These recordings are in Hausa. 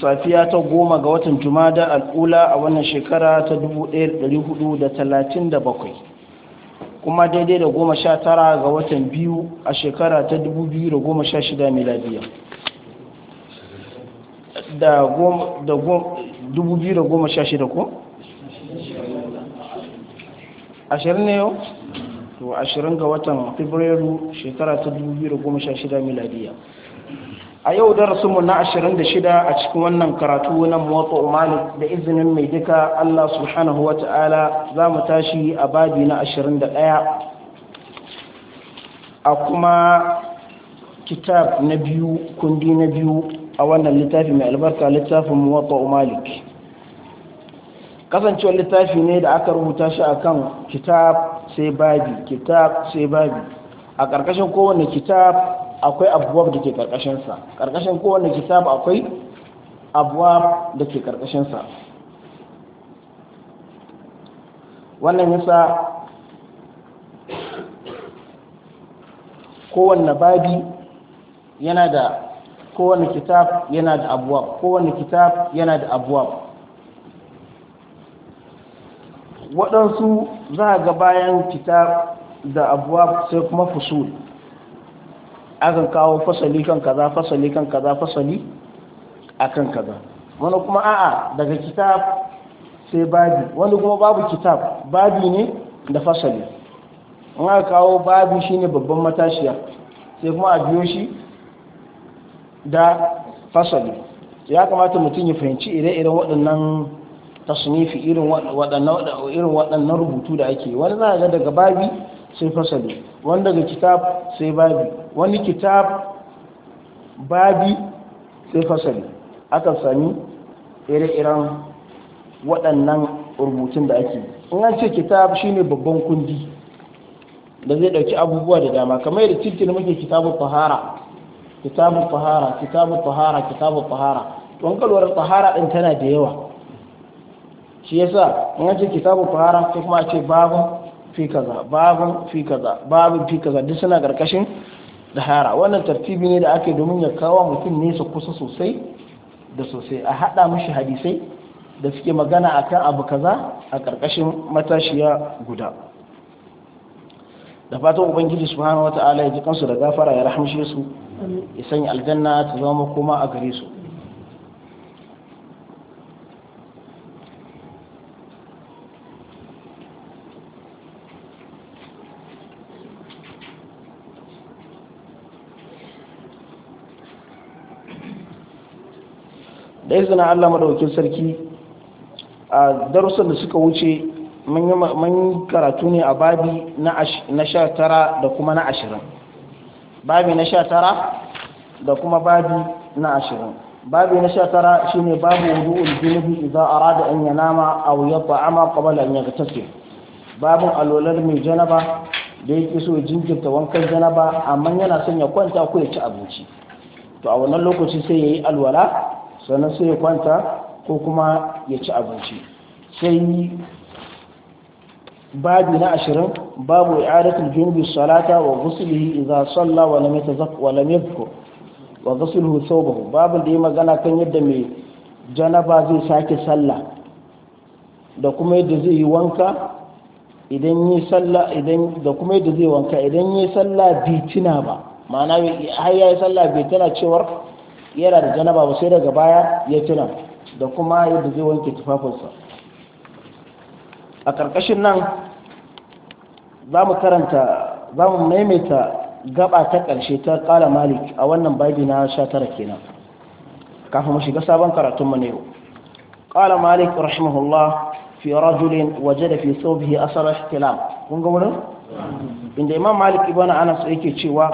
safiya ta goma ga watan jumada al'ula a wannan shekara ta 1437 kuma daidai da goma sha tara ga watan biyu a shekara ta 2016 miladiya da goma sha shida ko? ashirin ne yau? to ashirin ga watan fabrairu shekara ta 2016 miladiya a yau darasinmu na 26 a cikin wannan karatu na motsa malik da izinin mai duka Allah subhanahu wa ta'ala za mu tashi a babi na 21 a kuma kitab na biyu kundi na biyu a wannan littafi mai albarka littafin motsa malik kasancewar littafi ne da aka rubuta shi akan kitab sai babi kitab sai babi a ƙarƙashin kowane kitab akwai abubuwan da ke karkashinsa karkashin kowane kitab akwai abubuwan da ke karkashinsa wannan yasa kowanne babi yana da kowane kitab yana da abuwa kowanne kitab yana da abuwa waɗansu za a ga bayan kitab da abuwa sai kuma fusul akan kawo fasali kan kaza fasali kan kaza fasali akan kaza wani kuma a'a daga kitab sai babi wani kuma babu kitab babi ne da fasali wani aka kawo babi shine babban matashiya sai kuma a biyo shi da fasali ya kamata mutum ya fahimci ire-iren waɗannan tasnifi irin waɗannan rubutu da ake wani za ga daga babi sai fasali wani daga kitab sai babi wani kitab babi sai fasali aka sami ire-iren waɗannan rubutun da ake in an ce kitab shine babban kundi da zai ɗauki abubuwa da dama kamar yadda cikin muke kitabun fahara kitabun fahara kitabun fahara kitabun fahara an kalwar fahara ɗin tana da yawa shi yasa in an ce kitabun fahara sai kuma a ce babin fi kaza babin fi kaza fi kaza duk suna ƙarƙashin dahara wannan tartibi ne da ake domin ya kawo mutum nesa kusa sosai da sosai a hada mashi hadisai da suke magana akan abu kaza a ƙarƙashin matashiya guda da fatan ubangiji subhanahu wata'ala ya ji kansu da gafara ya rahamshe su ya sanya aljanna ta zama kuma a gare su da zana Allah maɗaukin sarki a darussan da suka wuce mun karatu ne a babi na sha tara da kuma na ashirin babi na sha tara da kuma babi na ashirin babi na sha tara shi ne babu wudu'ul junubi idan arada an a aw yata'ama qabla an tafiya. babin alwalar mai janaba da yake so jinkirta wankan janaba amma yana son ya kwanta ko ya ci abinci to a wannan lokaci sai ya yi alwala sannan sai ya kwanta ko kuma ya ci abinci sai babi na ashirin babu i'adatul junubi salata wa ghuslihi idza salla wa lam yatazakkar wa lam yadhkur wa ghusluhu thawbahu babu da yi magana kan yadda mai janaba zai sake sallah da kuma yadda zai yi wanka idan yi sallah idan da kuma yadda zai wanka idan yi sallah bai tuna ba ma'ana har ya yi sallah bai tuna cewar yana da janaba ba sai daga baya ya tuna da kuma yadda zai wanke tufafinsa a ƙarƙashin nan za mu karanta za mu maimaita gaba ta ƙarshe ta ƙala malik a wannan babi na sha tara kenan kafin mu shiga sabon karatun mu ne yau ƙala malik rahimahullah fi rajulin waje da fi sobihi asarar ihtilam kun ga wurin inda imam malik ibana anas yake cewa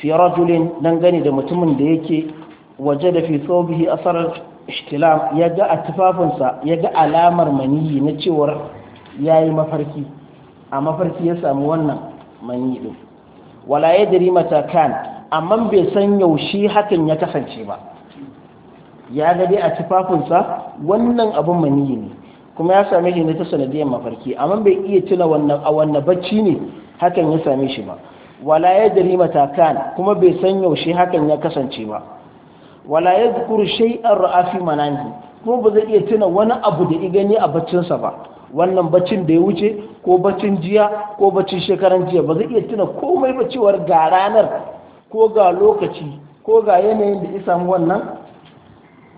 fi rajulin dangane da mutumin da yake waje da fi tsobihi asarar ishtilam ya ga a tufafinsa ya ga alamar maniyi na cewar ya yi mafarki a mafarki ya samu wannan maniyi ɗin wala ya dari matakan amma bai san yaushe hakan ya kasance ba ya ga dai a tufafinsa wannan abin maniyi ne kuma ya same shi ne ta sanadiyar mafarki amma bai iya tuna wannan a wannan bacci ne hakan ya same shi ba wala ya jari matakan kuma bai san yaushe hakan ya kasance ba wala ya zukuru shay'an ra'afi manani kuma ba zai iya tuna wani abu da igani a baccinsa ba wannan baccin da ya wuce ko baccin jiya ko baccin shekaran jiya ba zai iya tuna komai ba cewar ga ranar ko ga lokaci ko ga yanayin da ya samu wannan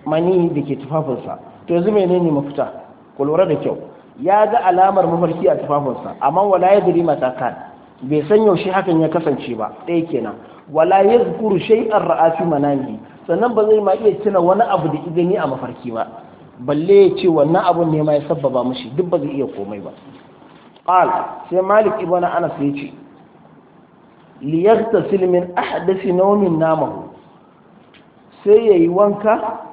mani da ke tufafinsa to yanzu mai ne mafita ku da kyau ya ga alamar mafarki a tufafinsa amma wala ya jari matakan bai san yaushe hakan ya kasance ba ɗaya kenan wala yazkuru shai'ar ra'a fi manami sannan ba zai ma iya tuna wani abu da gani a mafarki ba balle ya ce wannan abun ne ma ya sabbaba mashi duk ba zai iya komai ba qal sai malik ibn anas ya ce li yaghtasil min ahdathi nawmin namahu sai yayi wanka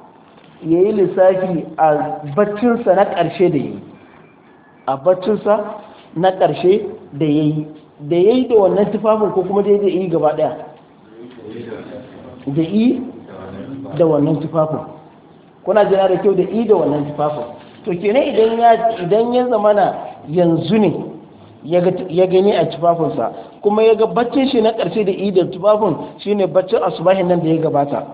yayi lissafi a baccinsa na ƙarshe da yayi a baccinsa na ƙarshe da yayi da ya yi da wannan tufafin ko kuma da ya yi gaba ɗaya da yi da wannan tufafin kuna jira da kyau da yi da wannan tufafin to kenan idan ya zamana yanzu ne ya gani a tufafinsa kuma ya ga shi na ƙarshe da yi da tufafin shine baccin asubahin nan da ya gabata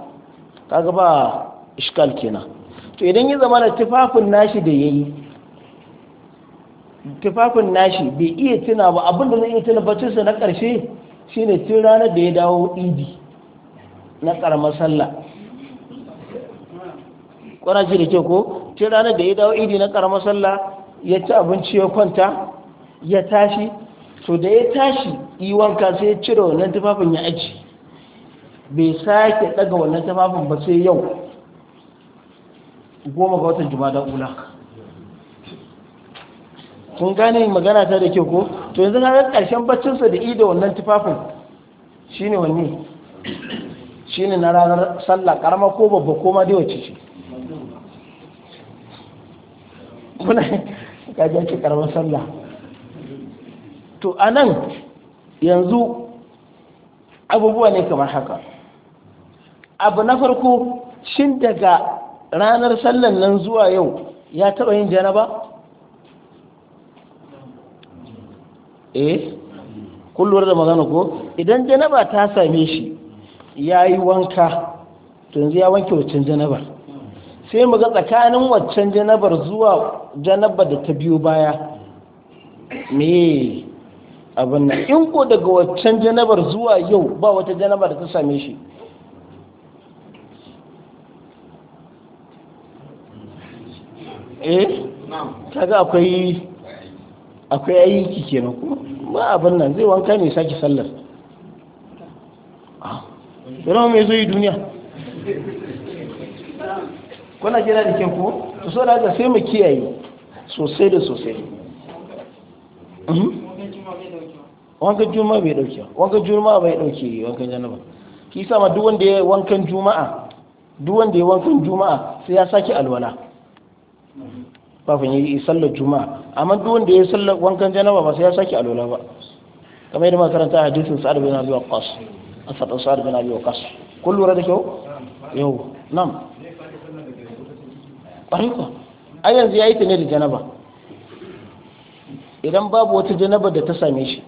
kaga gaba iskal kenan to idan ya zamana tufafin nashi da ya yi. tufafin nashi bai iya tuna ba abin da zai iya tuna batunsa na ƙarshe shine tun ranar da ya dawo idi na ƙaramar sallah ƙwarashi da ke ko tun ranar da ya dawo idi na ƙaramar sallah ya ci abinci ya kwanta ya tashi to da ya tashi yi wanka sai ya cire wannan tufafin ya aji bai sake ɗaga wannan tufafin ba sai yau goma ga watan juma'a da ula kun gane magana ta da ke ko to yanzu na ƙarshen baccinsa da ido wannan tufafin shine wanne shine na ranar sallah karama ko babba ko ma dai wacce ce kuna kaji ake karamar sallah to a nan yanzu abubuwa ne kamar haka abu na farko shin daga ranar sallan nan zuwa yau ya taɓa yin janaba eh kullum da magana ko idan janaba ta same shi yayi yi wanka yanzu ya wanke waccan janabar sai mu ga tsakanin waccan janabar zuwa janabar da ta biyo baya me abin nan in ko daga waccan janabar zuwa yau ba wata janabar da ta same shi eh kaga akwai akwai ayyuki kenan kuma ba abin nan zai wanka ne sake sallar yana ah, mai zai yi duniya kuna kira da kyan kuma to so da haka sai mu kiyaye sosai da sosai mhm. wankan juma'a bai dauke wankan juma'a bai dauke wankan janaba ki sama duk wanda ya wankan juma'a duk wanda ya wankan juma'a sai ya sake alwala kafin yi sallar juma'a amma duk wanda ya sallar wankan janaba ba sai ya sake alola ba kamar yadda makaranta hadisin sa'ad bin abi waqqas asad sa'ad bin abi waqqas kun lura da kyau yau nam bari ko ai yanzu yayi ta da janaba idan babu wata janaba da ta same shi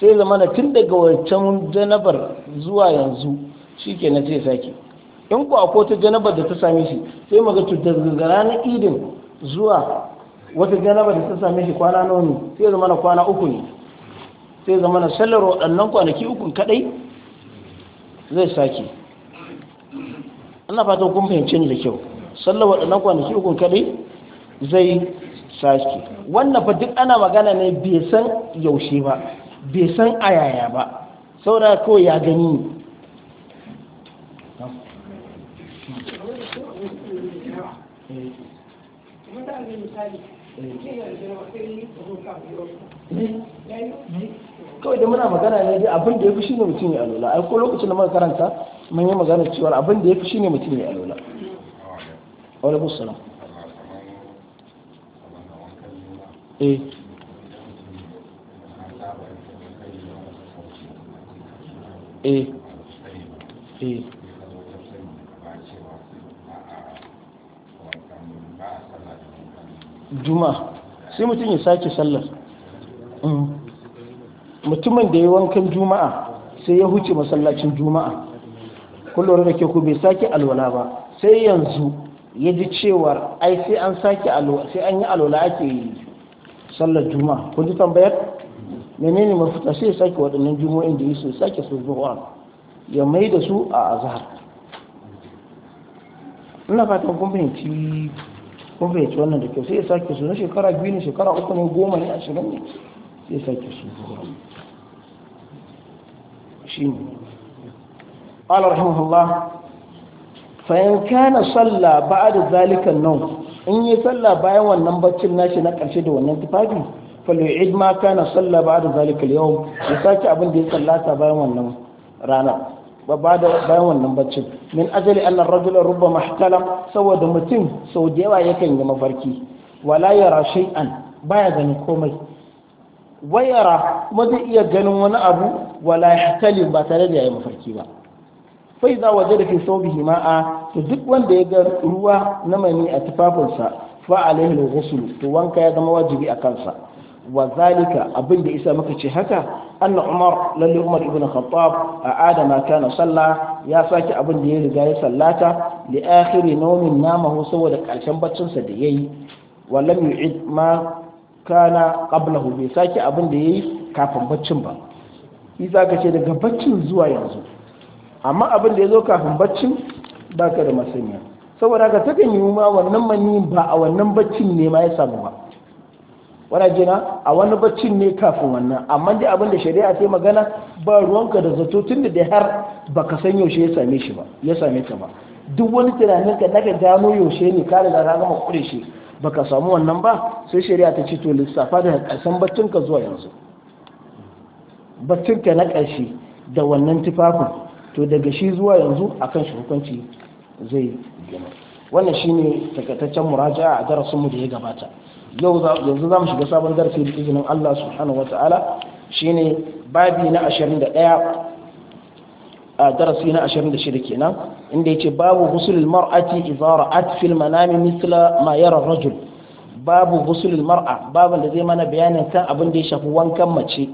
sai zama na tun daga wancan janabar zuwa yanzu shi ke na sai saki in ku a wata janabar da ta same shi sai maza cutar to na idin zuwa wata janabar da ta same shi kwana nomi sai zama na kwana uku ne sai zama na sallar waɗannan kwanaki uku kadai zai sake ana fatan kun fahimce ni da kyau sallar waɗannan kwanaki uku kadai zai sake wannan fa duk ana magana ne bai san yaushe ba bai san ayaya ba saboda kawai ya gani kawai da muna magana ne dai abin da ya fi shi ne mutum ya alola ai ko lokacin da muka karanta mun yi magana cewa abin da ya fi shi ne mutum ya alola alaikum salam eh eh eh Juma sai mutum ya sake sallar mm. mutumin da ya wankan juma'a sai ya huce masallacin juma'a kullum da ke ku bai sake alwala ba sai yanzu ya ji cewar ai sai an sake alwala sai an yi alwala ake yi sallar juma'a kun ji tambayar menene mafita sai ya sake waɗannan juma'in da yusuf sake su zuwa ya mai da su a azahar? ina fatan kun fahimci ko bai ci wannan da kyau sai ya sake su na shekara biyu ne shekara uku ne goma ne ashirin ne sai ya sake su shi ne ala rahimahullah fayan kana salla da zalikan nan in yi salla bayan wannan baccin nashi na karshe da wannan tufafi fallo id ma kana salla da zalikan yau ya sake abin da ya sallata bayan wannan rana ba da bayan wannan baccin min ajali annar rajula rubba mahtalam saboda mutum sau da yawa yakan yi mafarki wala yara an baya ganin komai wayara kuma zai iya ganin wani abu wala yahtalim ba tare da ya yi mafarki ba fa waje da fi sawbihi ma'a to duk wanda ya ga ruwa na mani a tufafinsa fa alaihi al to wanka ya zama wajibi a kansa wa zalika abin da isa muka ce haka anna umar lalle umar ibn khattab a adama kana salla ya saki abin da ya riga ya sallata li akhiri nawmin namahu saboda karshen baccin sa da yayi wa lam yu'id ma kana qablahu bai saki abin da yayi kafin baccin ba isa ka ce daga baccin zuwa yanzu amma abin da ya zo kafin baccin baka da masaniya saboda haka takan yi ma wannan maniyin ba a wannan baccin ne ma ya samu ba wana jina a wani bacci ne kafin wannan amma dai abin da shari'a sai magana ba ruwanka da zato tun da dai har ka san yaushe ya same shi ba ya same ta ba duk wani tunanin ka daga gano yaushe ne ka riga ka gama kure shi ka samu wannan ba sai shari'a ta ce to lissafa da kasan baccin ka zuwa yanzu baccin ka na ƙarshe da wannan tufafin to daga shi zuwa yanzu akan shi hukunci zai gina wannan shine takataccen muraja'a a darasin mu da ya gabata yanzu za mu shiga sabon darasi da izinin Allah subhanahu wata'ala shine babi na ashirin ɗaya a darasi na ashirin da 26 kenan inda ya ce babu husulul mar'ati idza ra'at fil manami misla ma yara rajul babu husulul mar'a babu da zai mana bayanin kan abin da ya shafi wankan mace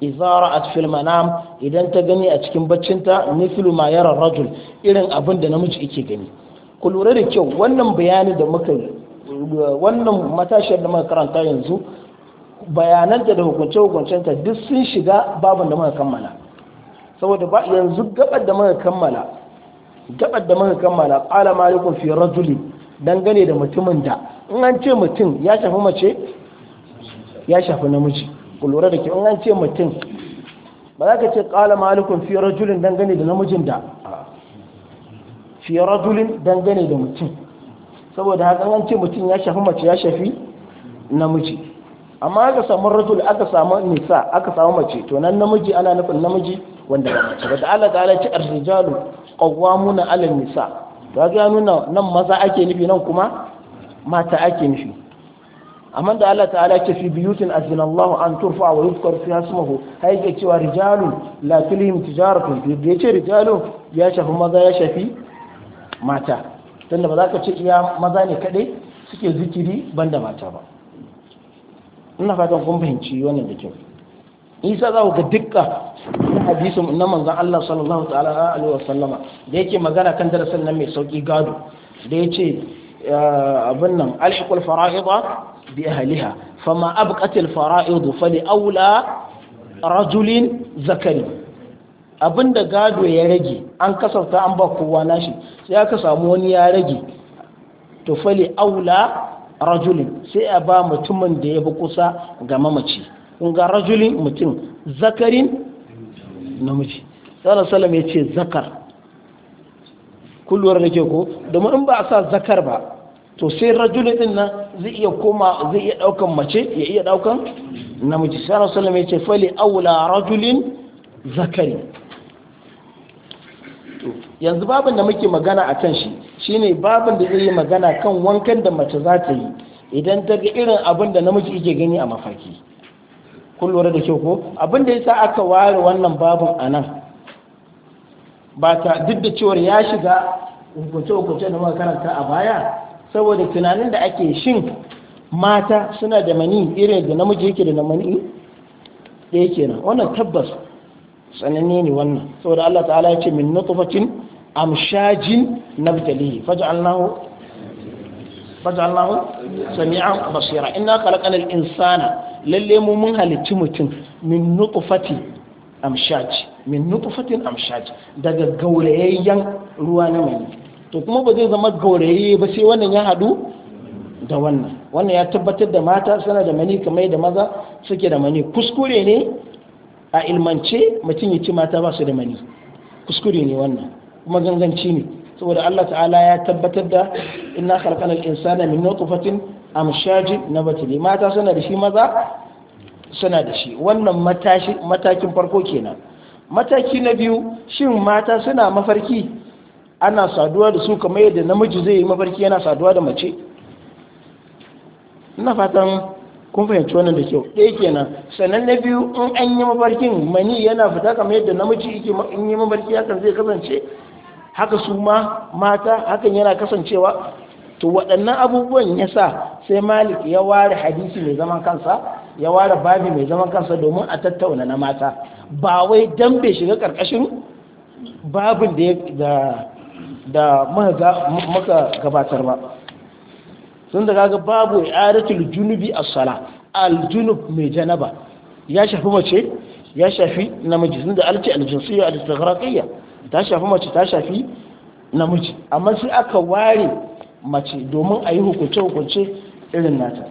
idza ra'at fil manam idan ta gani a cikin baccinta mislu ma yara rajul irin abin da namiji yake gani ku lura da kyau wannan bayanin da muka wannan matashiyar da muka karanta yanzu bayananta da hukunce-hukuncenta duk sun shiga babin da muka kammala saboda ba yanzu gabar da muka kammala gabar da muka kammala qala maliku fi rajuli dangane da mutumin da in an ce mutum ya shafi mace ya shafi namiji ku lura da ke in an ce mutum ba za ka ce qala maliku fi rajulin dangane da namijin da fi rajulin dangane da mutum saboda haka an ce mutum ya shafi mace ya shafi namiji amma aka samu rajul aka samu nisa aka samu mace to nan namiji ana nufin namiji wanda ba mace ba da Allah ta'ala ce arzijalu qawwamuna 'ala nisa to ga nuna nan maza ake nufi nan kuma mata ake nufi amma da Allah ta'ala ce fi biyutin azinallahu an turfa wa yuzkar fi ismuhu hay ga cewa rijalu la tulhim tijaratu bi ce rijalu ya shafi maza ya shafi mata tunda ba za ka ce iya maza ne kadai suke zikiri banda mata ba ina fatan kun fahimci wannan da kyau isa za ku ga dukkan hadisin na manzon Allah sallallahu ta'ala alaihi wa sallama da yake magana kan darasin nan mai sauki gado da yace abin nan alhiqul fara'ida bi ahliha fama abqatil fara'id fali aula rajulin zakari abin da gado ya rage an kasafta an ba kowa nashi sai aka samu wani ya rage to fali aula rajulin sai a ba mutumin da ya bi kusa ga mamaci kun ga rajulin mutum zakarin namiji sallallahu salam ya ce zakar kulluwar da ke ko domin in ba a sa zakar ba to sai rajulin din nan zai iya koma zai iya daukan mace ya iya daukan namiji sallallahu salam ya ce fali aula rajulin zakari yanzu babin da muke magana a kan shi shine babin da zai yi magana kan wankan da mace za ta yi idan ta ga irin abin da namiji yake gani a mafaki. kun lura da kyau ko abin da yasa aka ware wannan babin a nan ba ta duk da cewar ya shiga hukunce-hukunce da muka karanta a baya saboda tunanin da ake shin mata suna da mani irin da namiji yake da mani ɗaya kenan wannan tabbas sananne ne wannan saboda Allah ta'ala ya ce min nutfatin amshajin nabtali faj'alnahu faj'alnahu sami'an basira inna khalaqana al-insana lalle mu mun halicci mutum min nutfati amshaj min nutfatin amshaj daga gaurayayyen ruwa na mani to kuma ba zai zama gaurayayye ba sai wannan ya hadu da wannan wannan ya tabbatar da mata suna da mani kamar da maza suke da mani kuskure ne a ilmance mutum ya ci mata ba su da mani kuskure ne wannan kuma ganganci ne saboda Allah ta'ala ya tabbatar da inna khalaqal insana min nutfatin amshajin nabatili mata suna da shi maza suna da shi wannan matakin farko kenan mataki na biyu shin mata suna mafarki ana saduwa da su kamar yadda namiji zai yi mafarki yana saduwa da mace ina fatan kun fahimci wannan da kyau ɗaya kenan sannan na biyu in an yi mafarkin mani yana fita kamar yadda namiji yake in yi mafarki hakan zai kasance haka su ma mata hakan yana kasancewa to waɗannan abubuwan ya sa sai malik ya ware hadisi mai zaman kansa ya ware babi mai zaman kansa domin a tattauna na mata ba wai dan bai shiga ƙarƙashin babin da da muka gabatar ba sun da kaga babu i'adatul junubi as-sala al-junub mai janaba ya shafi mace ya shafi namiji sun da alti al-jinsiyya al-istighraqiyya ta shafi mace ta shafi namiji amma sai aka ware mace domin a yi hukunce-hukunce irin nata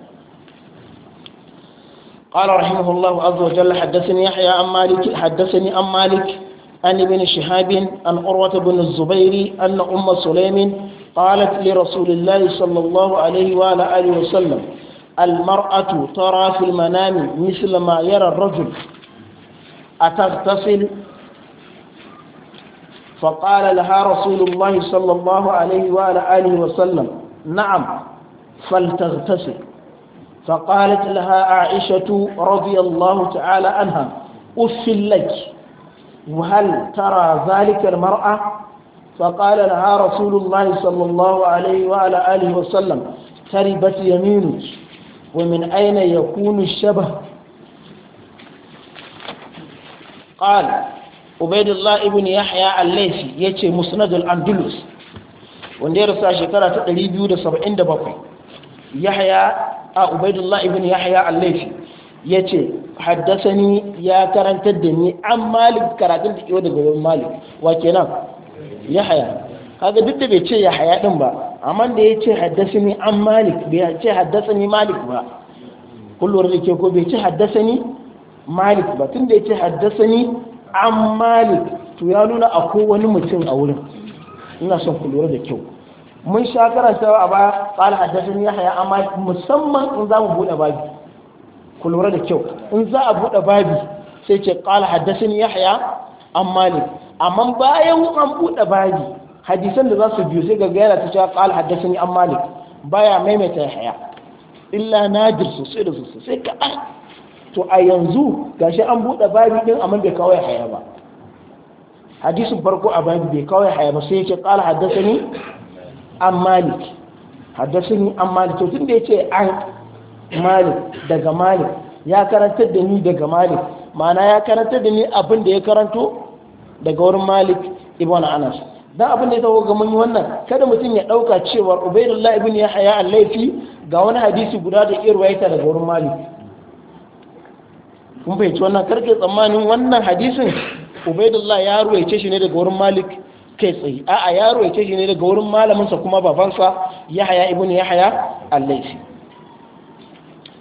قال رحمه الله عز وجل حدثني يحيى عن مالك حدثني عن مالك عن ابن شهاب عن عروة بن الزبير أن أم سليم قالت لرسول الله صلى الله عليه وعلى آله وسلم المرأة ترى في المنام مثل ما يرى الرجل أتغتسل فقال لها رسول الله صلى الله عليه وعلى آله وسلم نعم فلتغتسل فقالت لها عائشة رضي الله تعالى عنها أفل لك وهل ترى ذلك المرأة فقال لها رسول الله صلى الله عليه وعلى آله وسلم تربت يمينك ومن أين يكون الشبه قال عبيد الله ابن يحيى الليثي يتي مسند الأندلس wanda ya rasu a shekara ta 277 yahya a ubaidullah ibn yahya al-laifi yace ya karantar da ni an malik karatun da kiwo daga wurin malik wa kenan yahaya kaga duk da bai ce yahaya din ba amma da ya ce haddasani an malik bai ce haddasani malik ba kullum da ke ko bai ce haddasani malik ba tun da ya ce haddasani an malik to ya nuna akwai wani mutum a wurin ina son ku lura da kyau mun sha karanta a baya qala haddathani an amma musamman in za mu bude babi ku lura da kyau in za a bude babi sai ce qala haddathani Yahaya an malik amma bayan an buɗe babi hadisan da za su biyu sai ga yana ta cewa qala haddathani an mali, baya maimaita haya illa nadir sosai da sosai sai kaɗan to a yanzu gashi an buɗe babi ɗin amma bai kawai haya ba hadisin farko a babi bai kawai haya ba sai yake qala haddathani an malik haddathani an mali to da yace an malik daga malik ya karantar da ni daga malik ma'ana ya karantar da ni abin da ya karanto daga wurin malik ibn anas dan abin da ya tawo ga mun wannan kada mutum ya dauka cewa ubaydullah ibn yahya al-laifi ga wani hadisi guda da iya ruwaita daga wurin malik kun ci wannan karke tsammanin wannan hadisin ubaydullah ya ruwaice shi ne daga wurin malik kai tsaye a'a ya ruwaice shi ne daga wurin malaminsa kuma babansa yahya ibn yahya al-laifi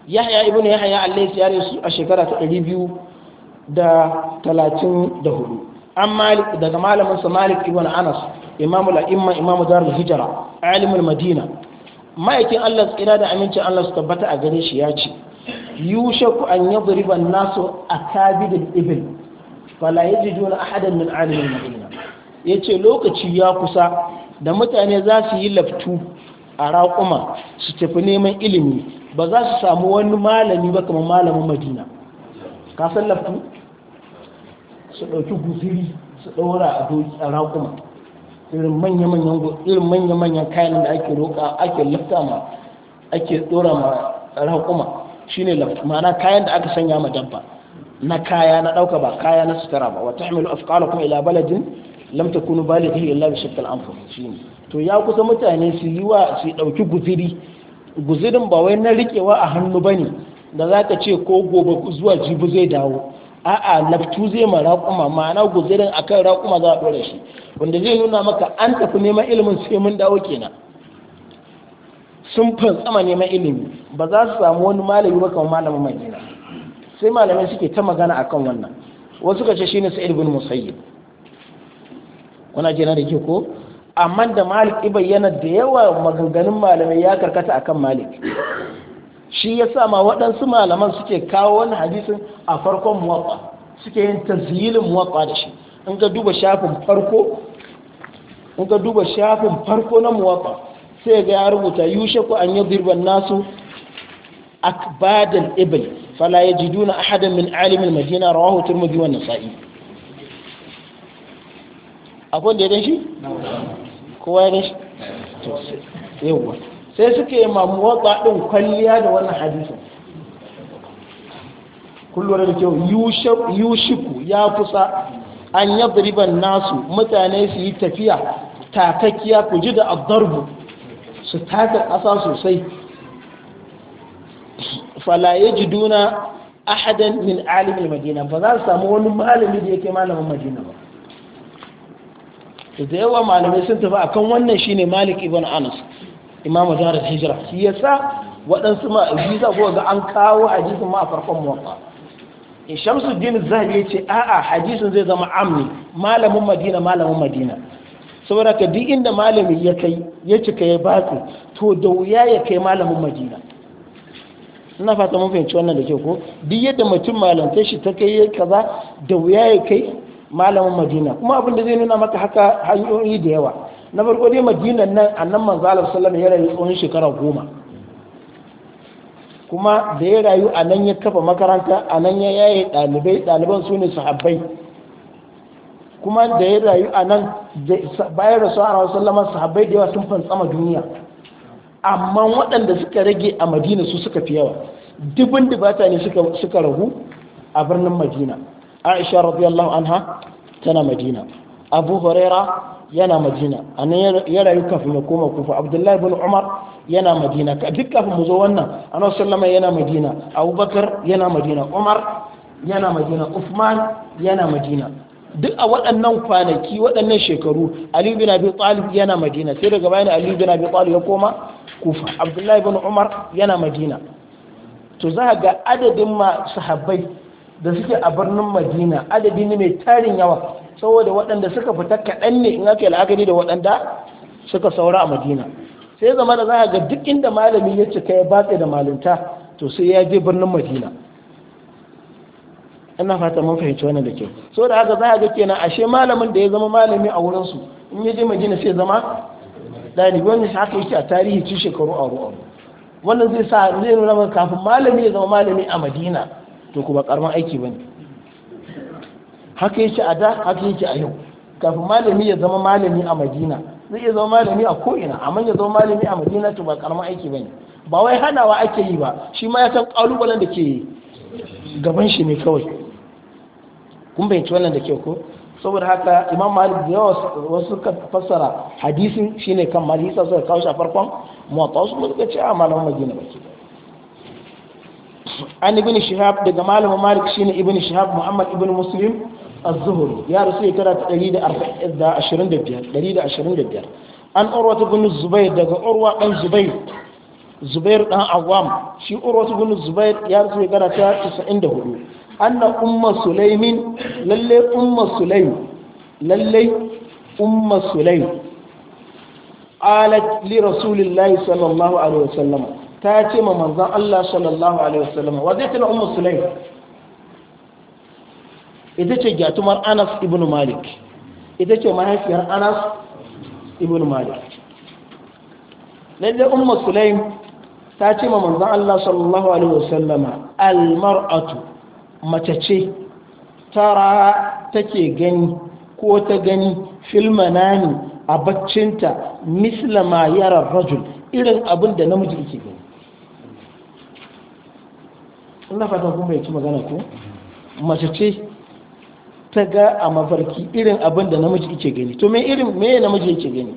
yahya ibn yahya al-laifi ya rasu a shekara ta 234 an malik daga malamin sa malik ibn anas imamu a'imma imamu darul hijra alimul madina ma'aikin Allah ina da amincin Allah su tabbata a gare shi ya ce ku an yadriba an-nasu akabidul ibil fala juna ahadan min alimul madina ce lokaci ya kusa da mutane za su yi laftu a raƙuma su tafi neman ilimi ba za su samu wani malami ba kamar malamin madina ka san laftu su ɗauki guziri su ɗaura a doki a raƙuma irin manya-manyan irin manya-manyan kayan da ake roƙa ake lafta ma ake ɗora ma raƙuma shine lafta ma'ana kayan da aka sanya ma dabba na kaya na ɗauka ba kaya na sutura ba wata hamilu kuma ila baladin kunu takunu balighi illa bi shaqqil shi shine to ya kusa mutane su yi wa su ɗauki guziri guzirin ba wai na riƙewa a hannu bane da zaka ce ko gobe zuwa jibi zai dawo a'a laftu zai ma raƙuma ma'ana guzirin akan raƙuma za a ɗora shi wanda zai nuna maka an tafi neman ilimin sai mun dawo kenan sun fantsama neman ilimi ba za su samu wani malami ba kamar malamin madina sai malamai suke ta magana a kan wannan wasu kace shine sa ibn musayyib kuna jina da ke ko amma da malik ibayyana da yawa maganganun malamai ya karkata akan malik shi ya sa ma waɗansu malaman suke kawo wani hadisin a farkon muwaɓa suke yin tazilin muwaɓa da shi in ka duba shafin farko in ka duba shafin farko na muwaɓa sai ga ya rubuta yushe ku an yi birban nasu akbadan ibil fala ya ji duna ahadan min alimin madina rawahu turmudi wa nasa'i akwai da ya gan shi? kowa ya gan shi? yawwa sai suke ma muwatta ɗin kwalliya da wannan hadisin kullum da kyau yushiku ya kusa an yadriban nasu mutane su yi tafiya takakkiya ku ji da abdarbu su taka ƙasa sosai falaye ji duna ahadan min alimin madina ba za su samu wani malami da yake malamin madina ba da yawa malamai sun tafi akan wannan shine malik ibn anas imamu jarar hijira shi ya sa waɗansu ma ajiza ko ga an kawo hadisun ma a farkon in eh, shamsu din zai ce a'a hadisun zai zama amni malamin madina malamin madina saboda ka duk inda malami ya kai ya cika ya to da wuya ya kai malamin madina ina fata mun fahimci wannan da ke ko duk yadda mutum malantar shi ta kai kaza da wuya ya kai malamin madina kuma abin da zai nuna maka haka hanyoyi da yawa na farko dai madinan nan annan manzo Allah sallallahu alaihi wasallam ya rayu shekara goma kuma da ya rayu a nan ya kafa makaranta a nan ya yaye dalibai, daliban su ne sahabbai kuma da ya rayu a nan bayan rasu a rawar sallama sahabbai da yawa sun fantsama duniya amma waɗanda suka rage a madina su suka fi yawa dubin dubata ne suka ragu a birnin madina aisha radiyallahu anha tana madina abu huraira yana madina a nan ya rayu kafin ya koma kufa abdullahi bin umar yana madina duk kafin mu zo wannan annabi sallama yana madina abubakar yana madina umar yana madina Uthman yana madina duk a waɗannan kwanaki waɗannan shekaru Ali bin Abi Talib yana madina sai daga bayan Ali bin Abi Talib ya koma Kufa Abdullahi bin Umar yana madina to za ga adadin ma sahabbai da suke a birnin madina adadi ne mai tarin yawa saboda waɗanda suka fita kaɗan ne in aka yi la'akari da waɗanda suka saura a madina sai zama da za a ga duk inda malami ya cika ya batse da malinta to sai ya je birnin madina ina fata mun fahimci wannan da kyau da haka za a ga kenan ashe malamin da ya zama malami a wurin su in ya je madina sai zama dani wanda haka yake a tarihi ci shekaru a ruwa wannan zai sa zai nuna kafin malami ya zama malami a madina to kuma karman aiki bane haka yake a da haka yake a yau kafin malami ya zama malami a madina zai iya zama malami a ko'ina amma ya zama malami a madina to ba karman aiki bane ba wai hanawa ake yi ba shi ma ya san kalubalen da ke gaban shi ne kawai kun bayyanci wannan da ke ko saboda haka imam malik da yawa wasu ka fassara hadisin shine kan malik sai kawo shi a farkon ta wasu kuma ce a malamin madina ba ke an ibn shihab daga malamin malik shine ibn shihab muhammad ibn muslim az-zuhri ya rasu shekara ta 125 125 an urwa ibn zubair daga urwa dan zubair zubair dan awam shi urwa ibn zubair ya rasu shekara ta 94 anna umma sulaimin lalle umma sulaim lalle umma sulaim qalat li rasulillahi sallallahu alaihi wasallam ta ce ma manzan Allah sallallahu alaihi wasallam wa zai tana Umar Sulai? ita ce gyatumar Anas ibn Malik ita ce mahaifiyar Anas ibn Malik lalle Umar Sulai ta ce ma manzan Allah sallallahu alaihi wasallama almar'atu mace ce tara take gani ko ta gani fil manami a baccinta misla ma yara rajul irin abin da namiji yake gani ina fatan kuma ya ci magana ko mace ce ta ga a mafarki irin abin da namiji yake gani to me irin me namiji yake gani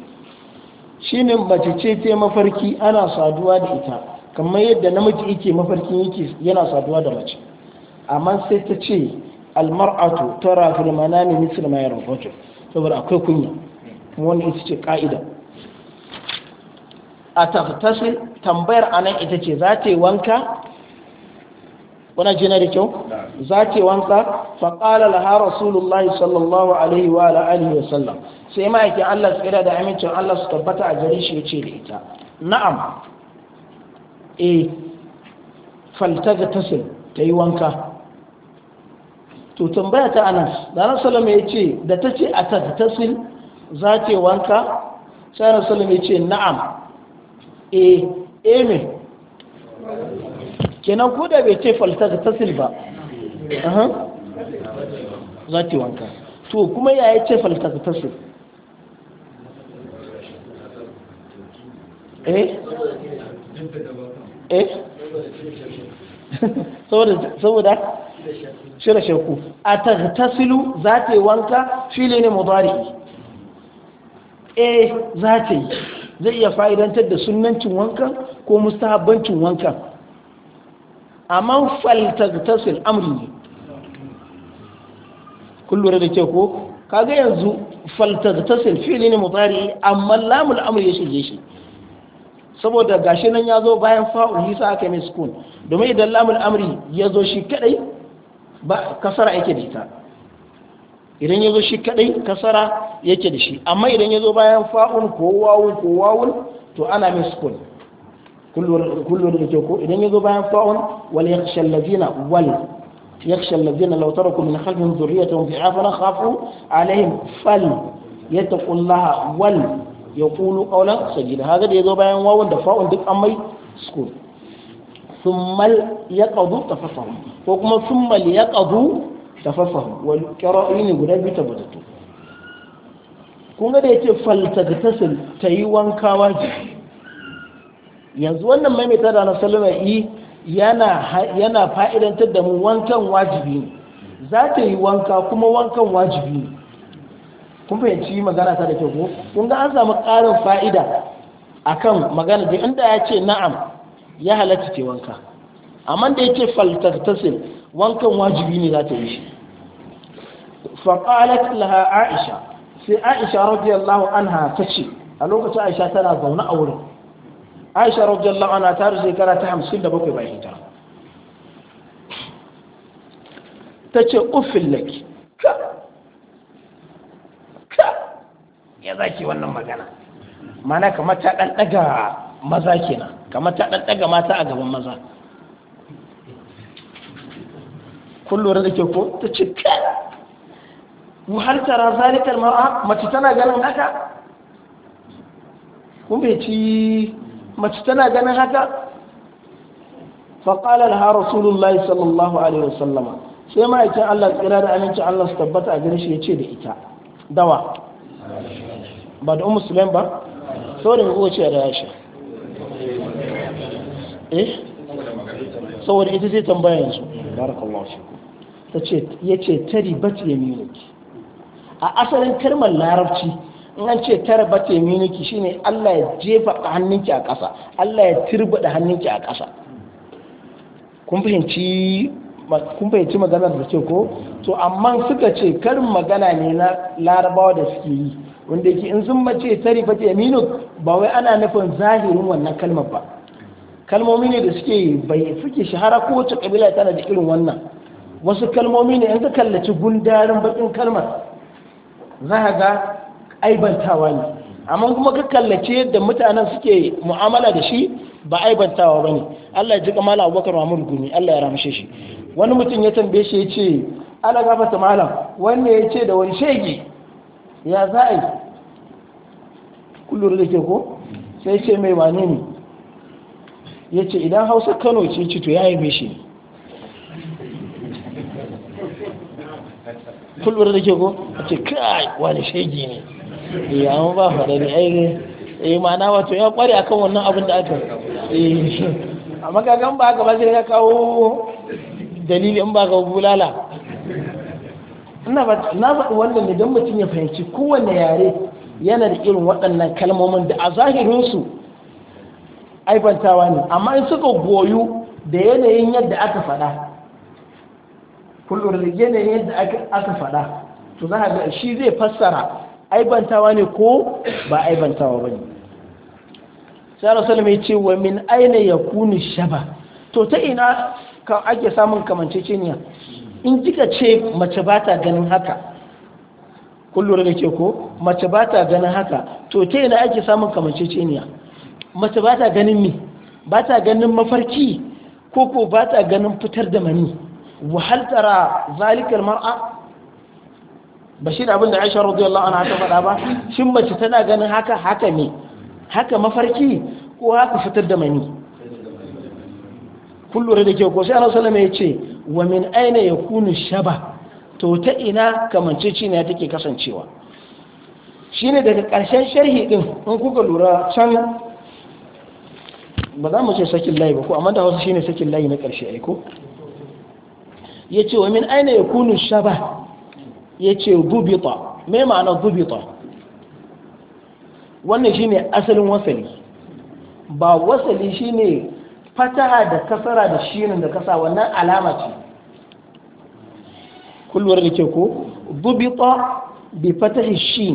shine mace ce ta mafarki ana saduwa da ita kamar yadda namiji yake mafarkin yake yana saduwa da mace amma sai ta ce almar'atu tara fil manami misl ma yara rajul saboda akwai kunya wannan ita ce ka'ida a taftasil tambayar anan ita ce za ta yi wanka kuna ji na da kyau za ke wanka faƙala laha rasulullahi sallallahu alaihi wa alihi wa sallam sai ma ma'aikin Allah tsira da amincin Allah su tabbata a gari shi ce da ita na'am e eh, ga tasir ta yi wanka to tambaya ta anas da anas salama ya ce da ta ce a tasir za ke wanka sai anas salama ya ce na'am e eh, eme. Eh kenan ko da bai ce falsafa ta ba za ta wanka to kuma ya yi ce falsafa tasil eh eh saboda shirya shakku a tasilu za ta yi wanka file ne mubari eh za ta yi zai iya fa'idantar da sunancin wankan ko mustahabbancin wankan amma faltagtasil amri ne kullum da ke ko kaga yanzu faltagtasil fili ne mutari amma lamul amri ya shige shi saboda gashi nan ya zo bayan fa'ul hisa aka mai sukun domin idan lamul amri ya zo shi kadai ba kasara yake da ita idan ya zo shi kadai kasara yake da shi amma idan ya zo bayan fa'un ko wawun ko wawun to ana mai sukun kullum da ke ko idan ya zo bayan fa'un wal yakhsha allazina wal yakhsha allazina law taraku min khalfihim dhurriyatan dhi'afan khafu alaihim fal yattaqullaha wal yaqulu qawlan sadida haka ya zo bayan wawan da fa'un duk an mai sukun thumma yaqdu tafassahum ko kuma thumma yaqdu tafassahum wal qira'in guda biyu tabbatatu kun ga da yake tayi wanka wajibi yanzu wannan maimaita da na salama yi yana fa'idantar da mu wankan wajibi ne za ta yi wanka kuma wankan wajibi ne kun fahimci magana ta da kyau kun ga an samu ƙarin fa'ida a kan magana da inda ya ce na'am ya halatta ce wanka amma da ya ce faltartasil wankan wajibi ne za ta yi shi faƙalat laha aisha sai aisha radiyallahu anha ta ce a lokacin aisha tana zaune a wurin aisha radiyallahu anha ta rasu shekara ta 57 bayan hijira ce uffin laki ka ka ya zaki wannan magana mana kamar ta ɗanɗaga maza kenan kamar ta ɗanɗaga mata a gaban maza kullum da ke ko ta ce ka har tara zalikar ma'a mace tana ganin haka kun bai ci mace tana ganin haka faƙalar ha rasulullahi sallallahu alaihi wasallama sai ma'aikin allah tsira da aminci allah su tabbata a gani shi ya ce da ita dawa ba da musulman ba saurin ya ce da yashi eh saboda ita zai tambaya yanzu barakallahu shi ta ce ya ce tari bat ya a asalin kalmar larabci in an ce tara bace miniki shine Allah ya jefa hannunki a ƙasa Allah ya turbada hannunki a ƙasa kun fahimci magana da ce ko to amma suka ce karin magana ne na larabawa da suke yi wanda yake in sun mace tari minuk ba wai ana nufin zahirin wannan kalmar ba kalmomi ne da suke bai suke shahara kowace kabila tana da irin wannan wasu kalmomi ne in ka kallaci gundarin bakin kalmar za ga aibantawa ne amma kuma ka kallace yadda mutanen suke mu'amala da shi ba aibantawa ba ne allah ya ji kamala abubakar mamur gumi allah ya ramshe shi wani mutum ya tambaye shi ya ce ala gafata malam wanne ya ce da wani shege ya za a yi kullum da ke ko sai ce mai wane ne ya ce idan hausa kano ce to ya yi mishi shi kullum da ke ko a ce kai wani shege ne eh amma ba faɗa ne ai eh ma'ana wato ya kware akan wannan abin da aka eh amma ka gan ba ka ba sai ka kawo dalili in ba ka bulala ina ba na faɗi wannan idan don mutum ya fahimci kowanne yare yana da irin waɗannan kalmomin da a zahirinsu aibantawa ne amma in suka goyu da yanayin yadda aka faɗa kullum da yanayin yadda aka faɗa to za ga shi zai fassara aibantawa ne ko ba aibantawa ba ne sai rasulun ya ce wa min aina ya kuni shaba to ta ina kan ake samun kamanceceniya in jika ce mace ba ta ganin haka kullum da ke ko mace ba ta ganin haka to ta ina ake samun kamanceceniya mace ba ta ganin mi ba ta ganin mafarki ko ko ba ta ganin fitar da mani wahaltara zalikar mar'a ba shi da abin da aisha radiyallahu anha ta faɗa ba shin mace tana ganin haka haka ne haka mafarki ko haka fitar da mani kullu da ke ko sai annabi sallallahu alaihi ya ce wa min aina ya kunu shaba to ta ina kamanceceniya take kasancewa Shi ne daga ƙarshen sharhi din in kuka lura can ba za mu ce sakin layi ba ko amma da wasu shi ne sakin layi na ƙarshe aiko ya ce wa min aina ya kunu shaba ya ce zubita mai ma'ana zubita wannan shi ne asalin wasali ba wasali shi ne fataha da kasara da shirin da kasa wannan alama ce kulwar da ke ko zubita bi fatahi shi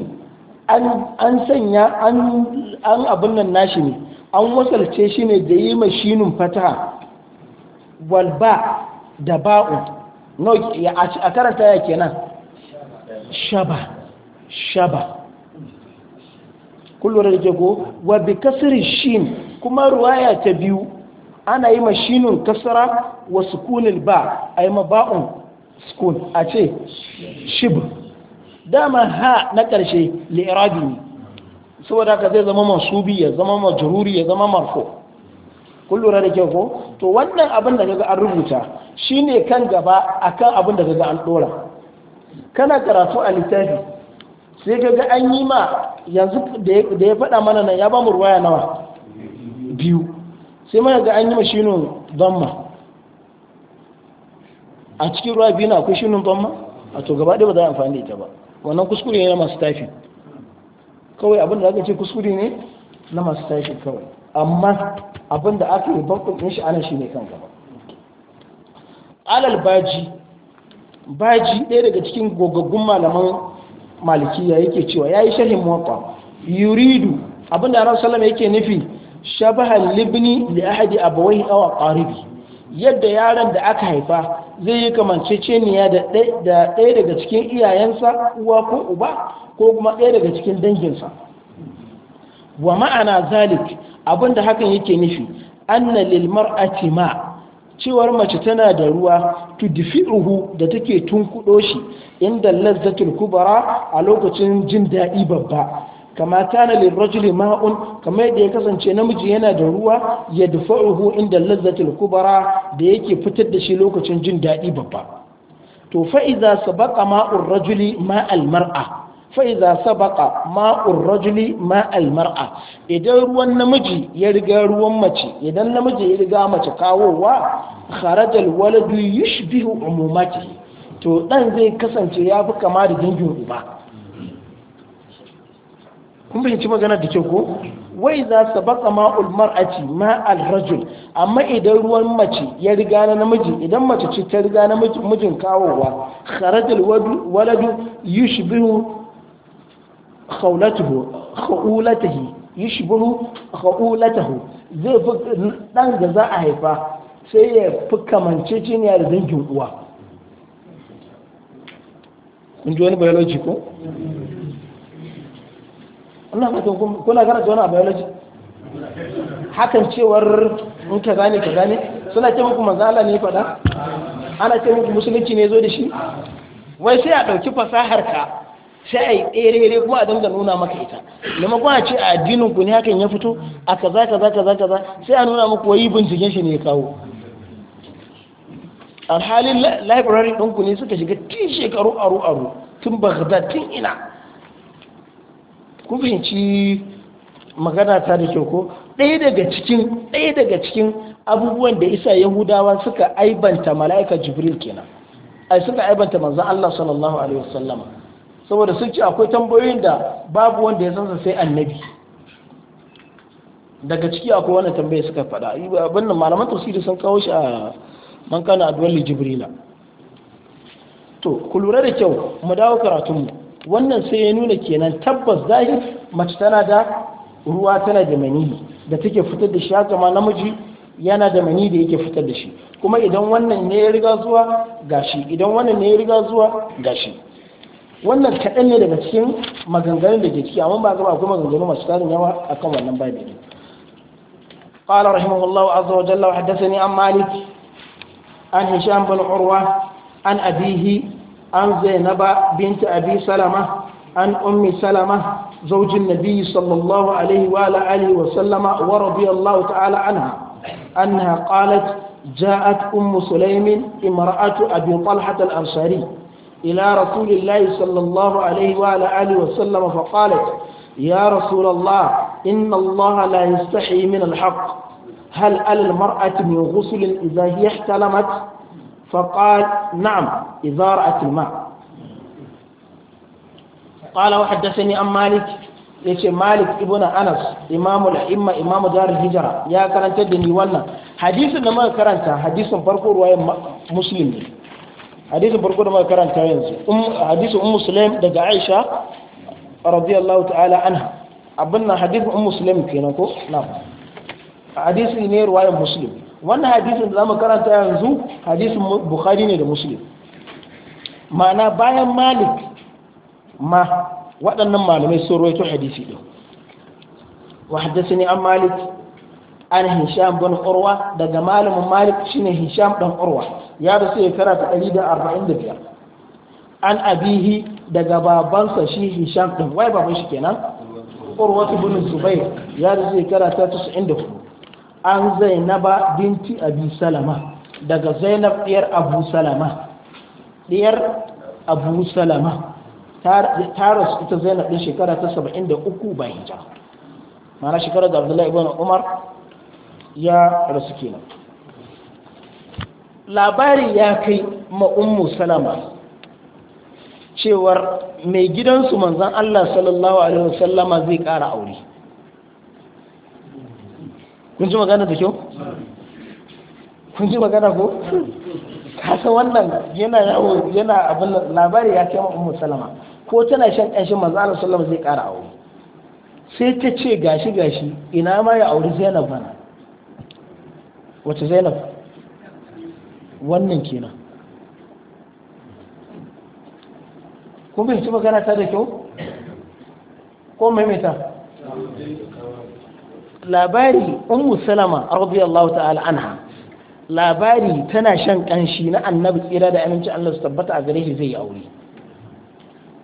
an sanya an abin nan nashi ne an wasalce shi ne da yi mashinin fataha walba da ba'un a karanta ya kenan shaba shaba kullum da ke ko wa bi shin kuma ruwaya ta biyu ana yi mashinun kasara wa sukunin ba a yi maba'un sukun a ce shib dama ha na ƙarshe li'irabi ne saboda haka zai zama masubi ya zama majruri ya zama marfo kullum da ke ko to wannan abin da kaga an rubuta shine kan gaba akan abin da ga an ɗora. kana karatu a littafi sai ka ga an yi ma yanzu da ya faɗa mana nan ya ba mu ruwaya nawa biyu sai mana ga an yi ma shinin zamma a cikin ruwa biyu na akwai shinin zamma a to gaba ɗaya ba za a amfani da ita ba wannan kuskure ne na masu tafi kawai abin da aka ce kuskure ne na masu tafi kawai amma abin da aka yi bakwai ɗin shi ana shi ne kan gaba alal baji baji ɗaya daga cikin gogaggun malaman malikiya yake cewa ya yi sharhin muwatta yuridu abinda annabi salama yake nufi shabahan libni da ahadi a awa ƙaribi yadda yaran da aka haifa zai yi kamance ceniya da ɗaya daga cikin iyayensa uwa ko uba ko kuma ɗaya daga cikin danginsa wa ma'ana zalik da hakan yake nufi anna lilmar mar'ati cewar mace tana da ruwa tudfi'uhu da take tunkudo shi inda lazzatul kubara a lokacin jin daɗi babba kama kana lirrajuli ma'un kama yadda ya kasance namiji yana da ruwa ya dafa'uhu inda lazzatul kubara da yake fitar da shi lokacin jin daɗi babba to fa iza sabaqa ma'ur rajuli ma'al mar'a fa'iza sabaka ma'ur rajuli ma'al mar'a idan ruwan namiji ya riga ruwan mace idan namiji ya riga mace kawowa kharajal waladu yushbihu umumati to dan zai kasance ya fi kama da dangin uba kun fahimci magana da kyau ko wai za sabaka ma'ul mar'aci ma'al rajul amma idan ruwan mace ya riga na namiji idan mace ce ta riga na mijin kawowa kharajal waladu yushbihu khawlatuhu khawlatihi yushbihu khawlatahu zai fi dan da za a haifa sai ya fi kamanceceniya da dangin uwa kun ji wani biology ko Allah ka kuna da wani a biology hakan cewar in ka gane ka gane suna ce muku manzala ne fada ana ce muku musulunci ne zo da shi wai sai a ɗauki fasahar ka sai a yi ɗere-ɗere kuma a dinga nuna maka ita maimakon a ce a addinin ku ne hakan ya fito a kaza kaza kaza kaza sai a nuna maka wayi binciken shi ne ya kawo alhalin library ku ne suka shiga tun shekaru aru aru tun bagdad tun ina ku fahimci magana ta da kyau ko ɗaya daga cikin ɗaya daga cikin abubuwan da isa yahudawa suka aibanta mala'ika jibril kenan ai suka aibanta manzan Allah sallallahu alaihi wasallama saboda sun ce akwai tambayoyin da babu wanda ya sansa sai annabi daga ciki akwai wannan tambaye suka faɗa abin nan malaman tafsiri sun kawo shi a man a adwalli jibrila to ku lura da kyau mu dawo karatunmu wannan sai ya nuna kenan tabbas zahir mace tana da ruwa tana da mani da take fitar da shi haka ma namiji yana da mani da yake fitar da shi kuma idan wannan ne ya riga zuwa gashi idan wannan ne ya riga zuwa gashi wannan kaɗan ne daga cikin maganganun da ke ciki amma ba zama akwai maganganu masu tarin yawa kan wannan babi قال رحمه الله عز وجل وحدثني عن مالك عن هشام بن عروة عن أبيه عن زينب بنت أبي سلمة عن أم سلمة زوج النبي صلى الله عليه وعلى آله وسلم ورضي الله تعالى عنها أنها قالت جاءت أم سليم امرأة أبي طلحة الأنصاري إلى رسول الله صلى الله عليه وعلى آله وسلم فقالت يا رسول الله إن الله لا يستحي من الحق هل على المرأة من غسل إذا هي احتلمت فقال نعم إذا رأت الماء قال وحدثني عن مالك yace Malik ibn Anas imamu al-imma imamu dar hijra ya karanta da ni wannan hadisin da muka karanta hadisin farko ruwayan muslim ne hadisin farko da muka karanta yanzu um, hadisin ummu sulaim daga aisha radiyallahu ta'ala anha abin nan hadisin ummu sulaim kenan ko na hadisi ne ruwayar muslim wannan hadisin da zamu karanta yanzu hadisin bukhari ne da muslim mana bayan malik ma waɗannan malamai sun rawaito hadisi din wa haddathani an malik an hisham bin urwa daga malamin malik shine hisham dan urwa ya rasu ya karata 145 an abihi daga babansa shi hisham din wai baban shi kenan urwa bin zubair ya rasu ya karata 94 an zainaba binti abi salama daga zainab diyar abu salama diyar abu salama ta ita zainab din shekara ta 73 bayan hijira ma'ana shekarar da abdullahi ibn umar ya rasu kenan labari ya kai ma'ummu salama cewar mai gidansu manzan Allah sallallahu Alaihi wasallama zai ƙara aure kun ji magana da kyau? kun ji magana ko? kasa wannan yana yawo yana abin labari ya kai ma'ummu salama ko tana shan ƙanshin manzan Allah sallallahu zai ƙara aure sai ta ce gashi gashi ina ma ya aure zainab bana wace zainab wannan kenan ko bai ci magana ta da kyau ko maimaita labari ummu salama radiyallahu ta'ala anha labari tana shan kanshi na annabi tsira da aminci Allah su tabbata a gare shi zai yi aure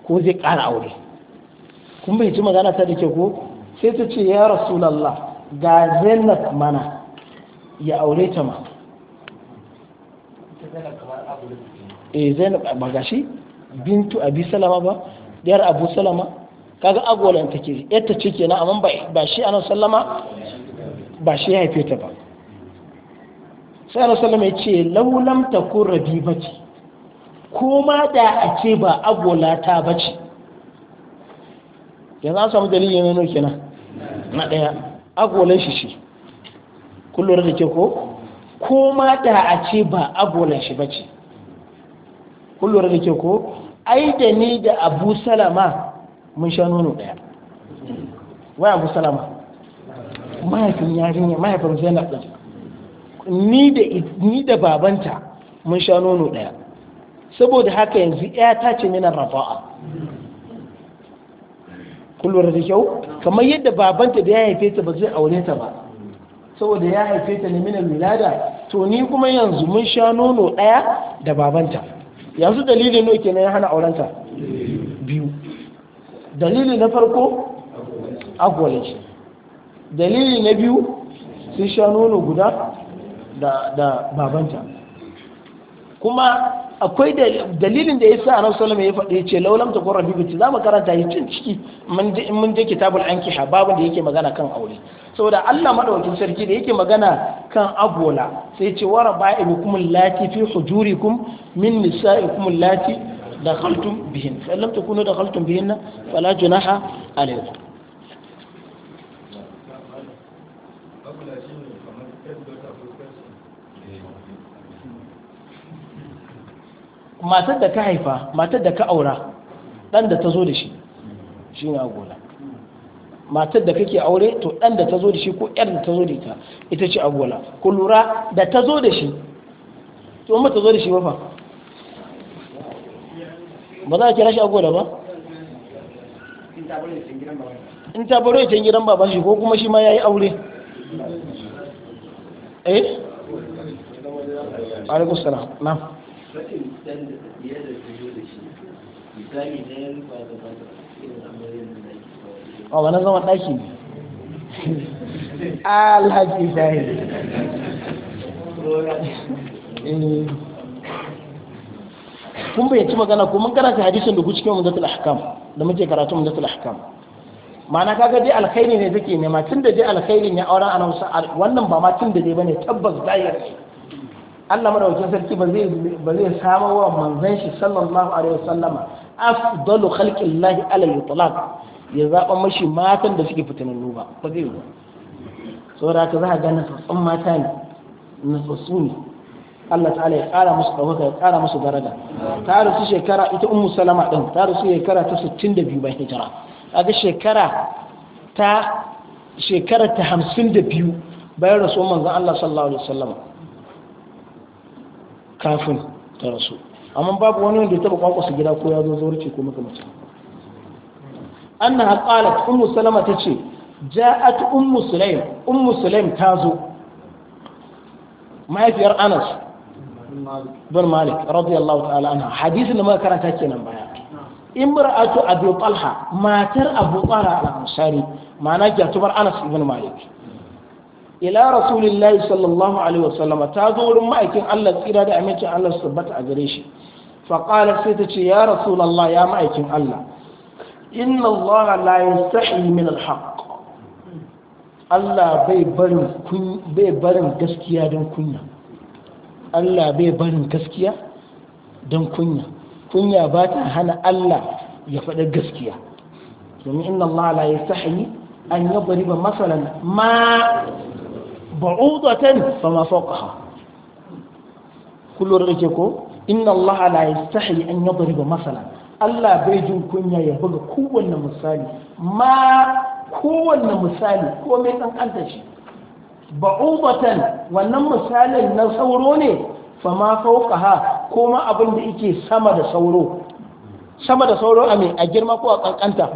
ko zai ƙara aure kun bai ci magana ta da kyau ko sai ta ce ya rasulallah ga zainab mana ya aure ta ma eh zainab ba ga shi? bintu abi salama ba yar abu salama kaga agwalan take yadda ce kenan amma ba ba shi anan sallama ba shi ya haife ta ba sai anan sallama ya ce laulam takun rabibati ko ma da a ce ba agwala ta bace yanzu an samu dalilin nuna kenan na daya agwalan shi shi kullum da ke ko ko ma da a ce ba agolan shi ba ce kullum da ke ko ai da ni da abu salama mun sha nono daya wai abu salama mahaifin yarinya mahaifin zai ɗin ni da babanta mun sha nono daya saboda haka yanzu ya ta ce mina rafa'a kullum da kyau kamar yadda babanta da ya haife ta ba zai aure ta ba saboda ya haife ta ne minal milada to ni kuma yanzu mun sha nono ɗaya da babanta yanzu dalilin ne kenan ya hana aurenta biyu dalili na farko agwalace dalili na biyu sun sha nono guda da babanta kuma akwai dalilin da ya sa anan salama ya faɗi ce laulam ta qurra ce za mu karanta yi cin ciki mun je kitabul ankiha babu da yake magana kan aure saboda Allah madawakin sarki da yake magana kan abola sai ce wara kumul lati fi hujurikum min nisa'ikum lati dakhaltum bihin fa lam takunu dakhaltum bihin la junaha alaykum matar da ka haifa matar da ka aura dan da ta zo da shi shi ne agola matar da kake aure to ɗan da ta zo da shi ko ƴar da ta zo da ita ita ce agwala ku lura da ta zo da shi to amma ta zo da shi ba fa ba za a kira shi abuwala ba in ta baro can gidan baban shi ko kuma shi ma ya yi aure eh alaikus salam rashin dan da tafiyar da su da shi misali na yin ba da ba irin amarin da nake ba wani zama ɗaki ne ah, alhaji shahi eh. kun ci magana ko mun karanta hadisin da ku cikin mudatul ahkam da muke karatu mudatul ahkam ma'ana kaga dai alkhairi ne take nema tunda dai alkhairi ne auren ana wannan ba ma tunda dai bane tabbas zahiri Allah madaukakin sarki ba zai ba zai samar wa manzon shi sallallahu alaihi wasallama afdalu khalqillahi ala al-mutlaq ya zaba mashi matan da suke fitinan ba ba zai ba saboda ka za ka ga nasassun mata ne nasassu ne Allah ta'ala ya kara musu ɗaukaka ya kara musu daraja ta rasu shekara ita ummu salama din ta rasu shekara ta 62 bayan hijira kaga shekara ta shekara ta 52 bayan rasuwar manzon Allah sallallahu alaihi wasallam kafin ta rasu amma babu wani wanda ya taba kwakwasa gida ko ya zo zaurce ko makamacin annaha qalat ummu salama tace ja'at ummu sulaim ummu sulaim zo. mahaifiyar anas bin malik radiyallahu ta'ala anha hadisin da muka karanta kenan baya imra'atu abi talha matar abu talha al-ansari ma'ana tubar anas ibn malik ila rasulillahi sallallahu alaihi wasallam ta zo wurin ma'aikin Allah tsira da amincin Allah su tabbata a gare shi fa qalat sai ta ce ya rasulullah ya ma'aikin Allah inna Allah la yastahi min al-haq Allah bai barin kun bai barin gaskiya don kunya Allah bai barin gaskiya don kunya kunya ba ta hana Allah ya faɗa gaskiya domin inna Allah la yastahi an yadriba masalan ma ba'udatan fa ma fawqaha kullu da ke ko inna Allah la yastahi an yadriba masalan Allah bai jin kunya ya buga kowanne misali ma kowanne misali ko komai kankanta shi ba'udatan wannan misalin na sauro ne fa ma fawqaha koma abin da yake sama da sauro sama da sauro a mai a girma ko a kankanta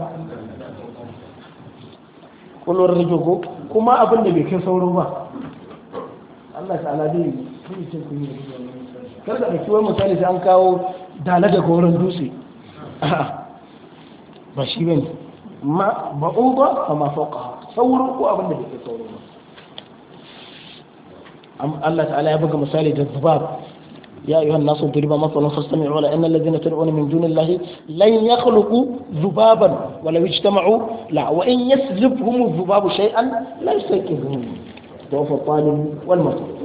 kullum rage ko kuma abin da bai kai sauro ba الله تعالى يبقى مثال الذباب يا أيها الناس ضرب مثلا فاستمعوا ولا إن الذين تدعون من دون الله لن يخلقوا ذبابا ولو اجتمعوا لا وإن يسلبهم الذباب شيئا لا يستيقظون ضعف الطالب والمطلوب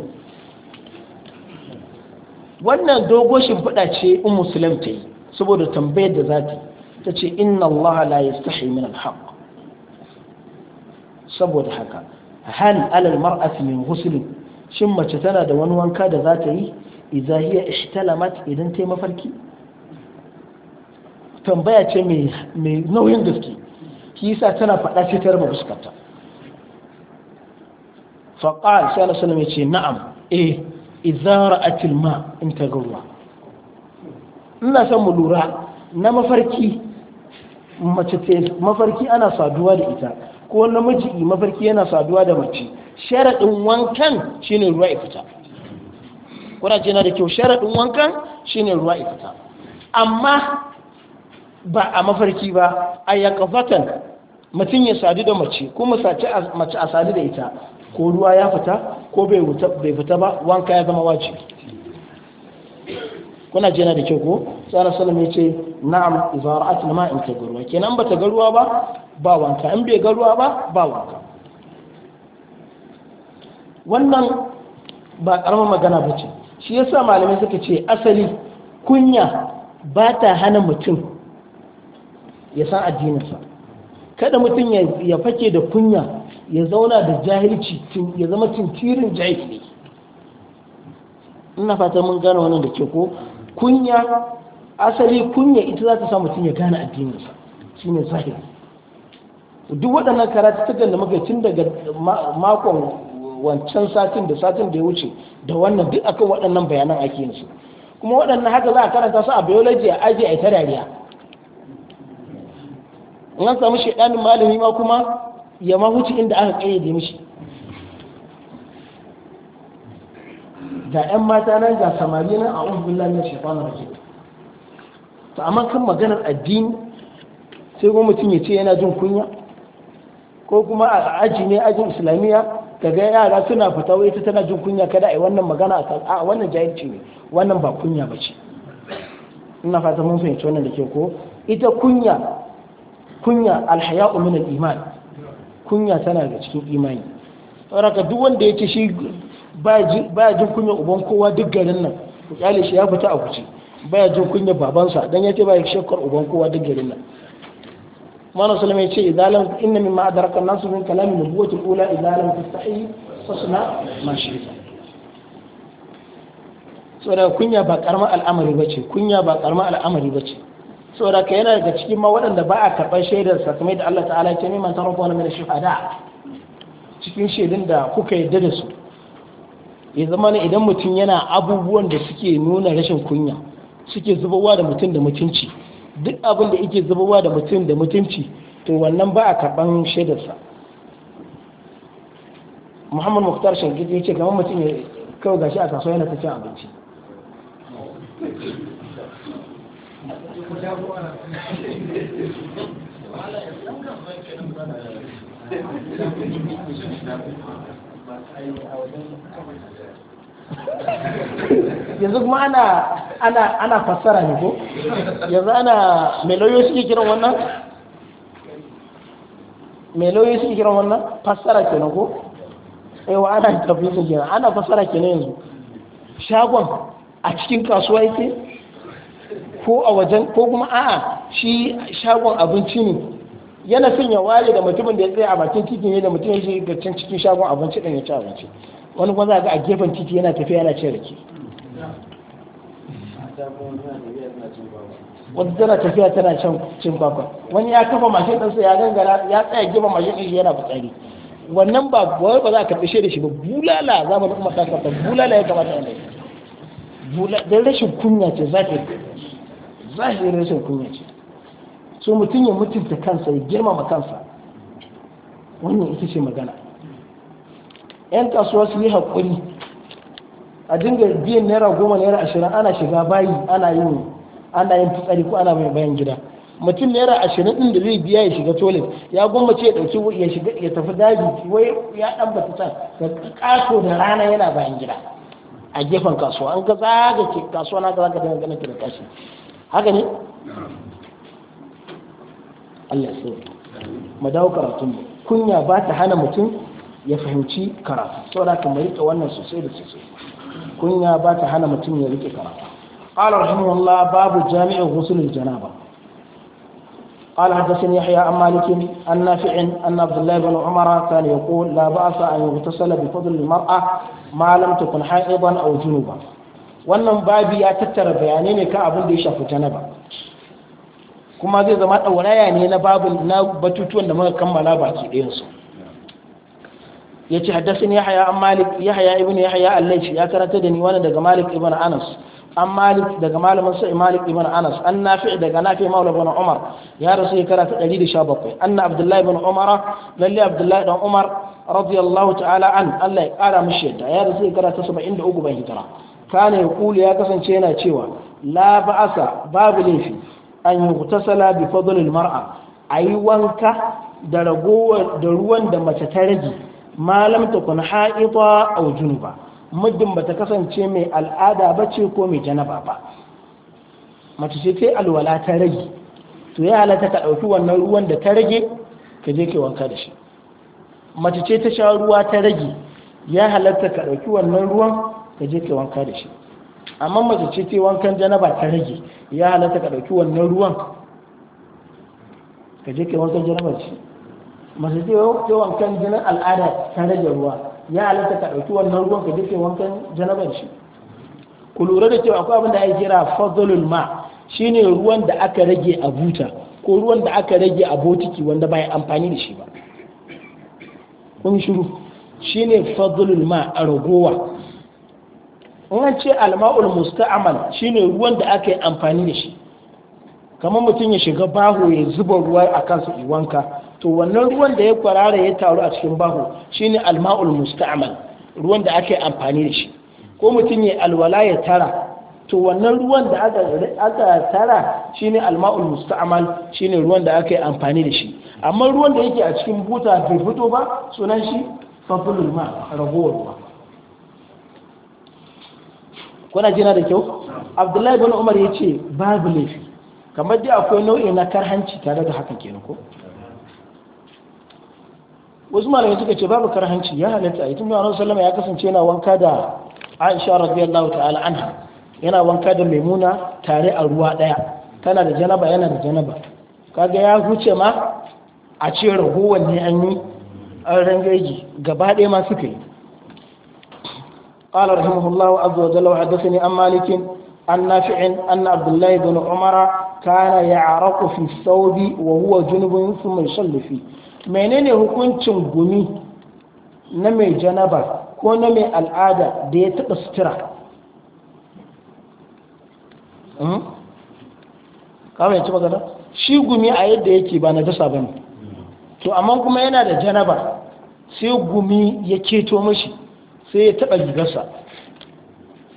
wannan dogo shimfiɗa ce in musulun ta yi saboda tambayar da za ta ta ce inna Allah la yastahi min alhaq saboda haka hal alal mar'ati min ghusl shin mace tana da wani wanka da za ta yi idza hiya ihtalamat idan ta yi mafarki tambaya ce mai nauyin gaske shi yasa tana faɗa ce ta raba fuskarta faqal sai Allah sallallahu alaihi wasallam ya ce na'am eh izara a ma in ta ruwa ina son mu lura na mafarki mace ce, mafarki ana saduwa da ita ko namiji mafarki yana saduwa da mace sharaɗin wankan shine ruwa ya fita kuraje na da kyau sharaɗin wankan shine ruwa ya fita amma ba a mafarki ba a yakafatan mutum ya sadu da mace kuma mace a sadu da ita ko ruwa ya fita ko bai fita ba wanka ya zama wace. kuna jina da kyau ko tsara salam ya ce na'am zara a ma in ta ruwa kenan ba ta ga ruwa ba ba wanka in bai ga ruwa ba ba wanka wannan ba karamar magana ba ce shi yasa malamai suka ce asali kunya ba ta hana mutum ya san addininsa kada mutum ya fake da kunya ya zauna da jahilci ya zama tintirin ne. ina fata mun gane wannan da ke ko kunya asali kunya ita za ta sa mutum ya gane addininsa ne zahiri duk waɗannan karatutukan da muka tun daga makon wancan satin da satin da ya wuce da wannan duk akan waɗannan bayanan ake yin su kuma waɗannan haka za a karanta su a biology a aji a ita dariya in an samu shaidanin malami ma kuma ya ma wuce inda aka kayyade mishi ga 'yan mata nan ga samari nan a ubulla na shekwana rake ta amma kan maganar addini sai kuma mutum ya ce yana jin kunya ko kuma a aji ne ajin islamiyya kaga yara suna fita wai ita tana jin kunya kada a yi wannan magana a wannan jahilci ne wannan ba kunya ba ce ina fata mun fahimci wannan da ke ko ita kunya kunya alhaya'u min al-iman kunya tana da cikin imani saboda duk wanda ya ce shi baya jin kunya uban kowa duk garin nan ku kyale shi ya fita a kuce baya jin kunya babansa dan ya ce baya shakkar uban kowa duk garin nan mana sallama ya ce idalan inna min adraka nasu min kalamin nubuwatul ula idalan tasta'i fasna ma shi'ta saboda kunya ba karamar al'amari ba ce kunya ba karamar al'amari ba ce saboda ka yana daga cikin ma waɗanda ba a karɓar shaidar sa kamar da Allah ta'ala ce neman tarafa wani mai shuhada cikin shaidun da kuka yadda da su ya zama ne idan mutum yana abubuwan da suke nuna rashin kunya suke zubawa da mutum da mutunci duk abin da yake zubawa da mutum da mutunci to wannan ba a karɓar shaidar sa Muhammad Muktar Shangidi ya ce kamar mutum ya kawo gashi a kasuwa yana ta cin abinci yanzu kuma ana ana ana fassara ne ko yanzu ana meloyo suke kiran wannan meloyo suke kiran wannan fassara kenan ko eh wa ana tafi su ana fassara kenan yanzu shagon a cikin kasuwa yake ko a wajen ko kuma a'a shi shagon abinci ne yana son ya ware da mutumin da ya tsaye a bakin titi ne da mutum shi ga can cikin shagon abinci ɗin ya ci abinci wani kuma za ga a gefen titi yana tafiya yana cin rake wata tana tafiya tana can cin kwakwa wani ya kafa mashin ɗansa ya gangara ya tsaya gefen mashin ɗin shi yana fitsari wannan ba wai ba za ka karɓi da shi ba bulala za mu umar ta karɓa bulala ya kamata a yi bulala don rashin kunya ce za ta yi zahirin rashin kunya ce so mutum ya mutunta kansa ya girmama kansa wannan ita ce magana yan kasuwa su yi haƙuri a dinga biyan naira goma naira ashirin ana shiga bayi ana yin ana yin fitsari ko ana mai bayan gida mutum naira ashirin ɗin da zai biya ya shiga toilet ya gwammace ya ɗauki ya shiga ya tafi daji wai ya ɗan bata ta ka kaso da rana yana bayan gida a gefen kasuwa an ga zaga kasuwa na ga zaga da ganin da kashi haka ne Allah ya mu dawo karatun mu kunya ba ta hana mutum ya fahimci karatu saboda ka mai rike wannan sosai da sosai kunya ba ta hana mutum ya rike karatu قال رحمه الله باب جامع غسل الجنابه قال حدثني يحيى عن مالك عن نافع ان عبد الله بن عمر كان يقول لا باس ان يغتسل بفضل المراه ما لم تكن حائضا او جنوبا wannan babi ya tattara bayanai ne kan abin da ya shafi janaba kuma zai zama ɗauraya ne na babin na batutuwan da muka kammala baki ɗayansu ya ce haddasin ya haya an malik ya haya ibn ya haya allaici ya karanta da ni wani daga malik ibn anas an malik daga malamin sai malik ibn anas an nafi daga nafi maula ibn umar ya rasu ya karata 117 anna abdullahi ibn umar lalle abdullahi dan umar radiyallahu ta'ala an Allah ya kara mishi yadda ya rasu ya karata 73 ban hijira kana Kulu ya kasance yana cewa la ba'asa babu laifi an yughtasala bi fadlil mar'a ayi wanka da ragowa da ruwan da mace ta rage malam ta kun ha'ita aw junuba muddin bata kasance mai al'ada ba ce ko mai janaba ba mace ce ta alwala ta rage to ya halatta ka dauki wannan ruwan da ta rage ka je ka wanka da shi mace ce ta sha ruwa ta rage ya halatta ka dauki wannan ruwan ka je ka wanka da shi amma mace ce ta wankan janaba ta rage ya halatta ka ɗauki wannan ruwan ka je ka wankan janaba da shi mace ce ta wankan jinin al'ada ta rage ruwa ya halatta ka ɗauki wannan ruwan ka je ka wankan janaba da shi ku lura da cewa akwai abin da ake kira fadlul ma shine ruwan da aka rage a buta ko ruwan da aka rage a botiki wanda ba ya amfani da shi ba kun shiru shine fadlul ma a ragowa in an ce alma'ul musta'amal shine ruwan da aka yi amfani da shi kamar mutum ya shiga baho ya zuba ruwa a kansa wanka to wannan ruwan da ya kwarara ya taru a cikin baho shine alma'ul musta'amal ruwan da aka yi amfani da shi ko mutum ya alwala ya tara to wannan ruwan da aka tara shine alma'ul musta'mal shine ruwan da aka yi amfani da shi amma ruwan da yake a cikin buta bai fito ba sunan shi fafulul ma ragowar ruwa kuna jina da kyau abdullahi bin umar ya ce babu laifi kamar dai akwai nau'i na karhanci tare da haka kenan ko wasu malamai suka ce babu karhanci ya halatta a yi sallama ya kasance yana wanka da aisha radiyallahu ta'ala anha yana wanka da maimuna tare a ruwa ɗaya. tana da janaba yana da janaba kaga ya huce ma a ce ragowar ne an yi an rangaji gaba ɗaya ma suka yi قال رحمه الله عز وجل وحدثني عن مالك عن نافع أن عبد الله بن عمر كان يعرق في الثوب وهو جنب ثم يصلي فيه menene hukuncin gumi na mai janaba ko na mai al'ada da ya taɓa sutura kawai ya ci magana shi gumi a yadda yake ba na dasa ba ne to amma kuma yana da janaba sai gumi ya keto mashi sai ya taba rigarsa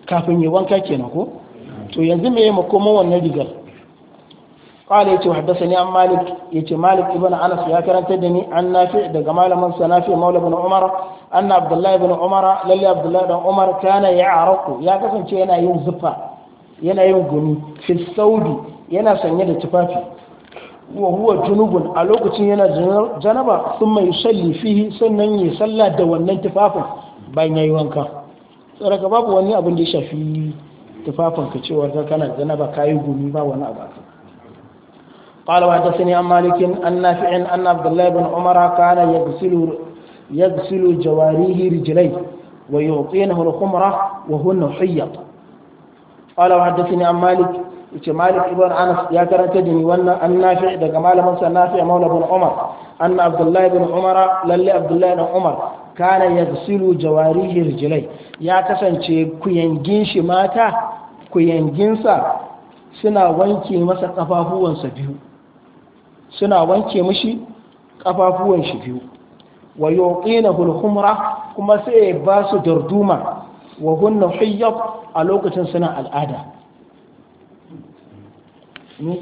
kafin yi wanka kenan ko to yanzu mai makoma wannan rigar kwale ya ce wa haddasa ni an malik ya ce malik ibn anas ya karanta da ni an nafi daga malaman sa nafi maula umar anna abdullahi ibn umar lalle abdullahi ibn umar kana ya araku ya kasance yana yin zufa yana yin gumi fi saudi yana sanye da tufafi wa huwa junubun a lokacin yana janaba mai yusalli fihi sannan ya salla da wannan tufafin bayan ya yi wanka tsoraka babu wani abin da ya shafi tufafinka cewar ka kana zanaba ka yi gumi ba wani abu aka قال وحدثني عن مالك عن نافع أن عبد الله بن عمر كان يغسل يغسل جواريه رجليه ويعطينه الخمرة وهن حيض قال وحدثني عن مالك malik ibn anas ya karanta jini wannan an daga malamansa na nafi maula ibn umar anna abdullahi ibn umara lalle abdullahi ibn umar kana yaghsilu jawarihi rijlai ya kasance kuyangin shi mata kuyanginsa suna wanke masa kafafuwansa biyu suna wanke mishi kafafuwan shi biyu wa yuqinahu al-humra kuma sai ba su darduma wa hunna hiyyab a lokacin suna al'ada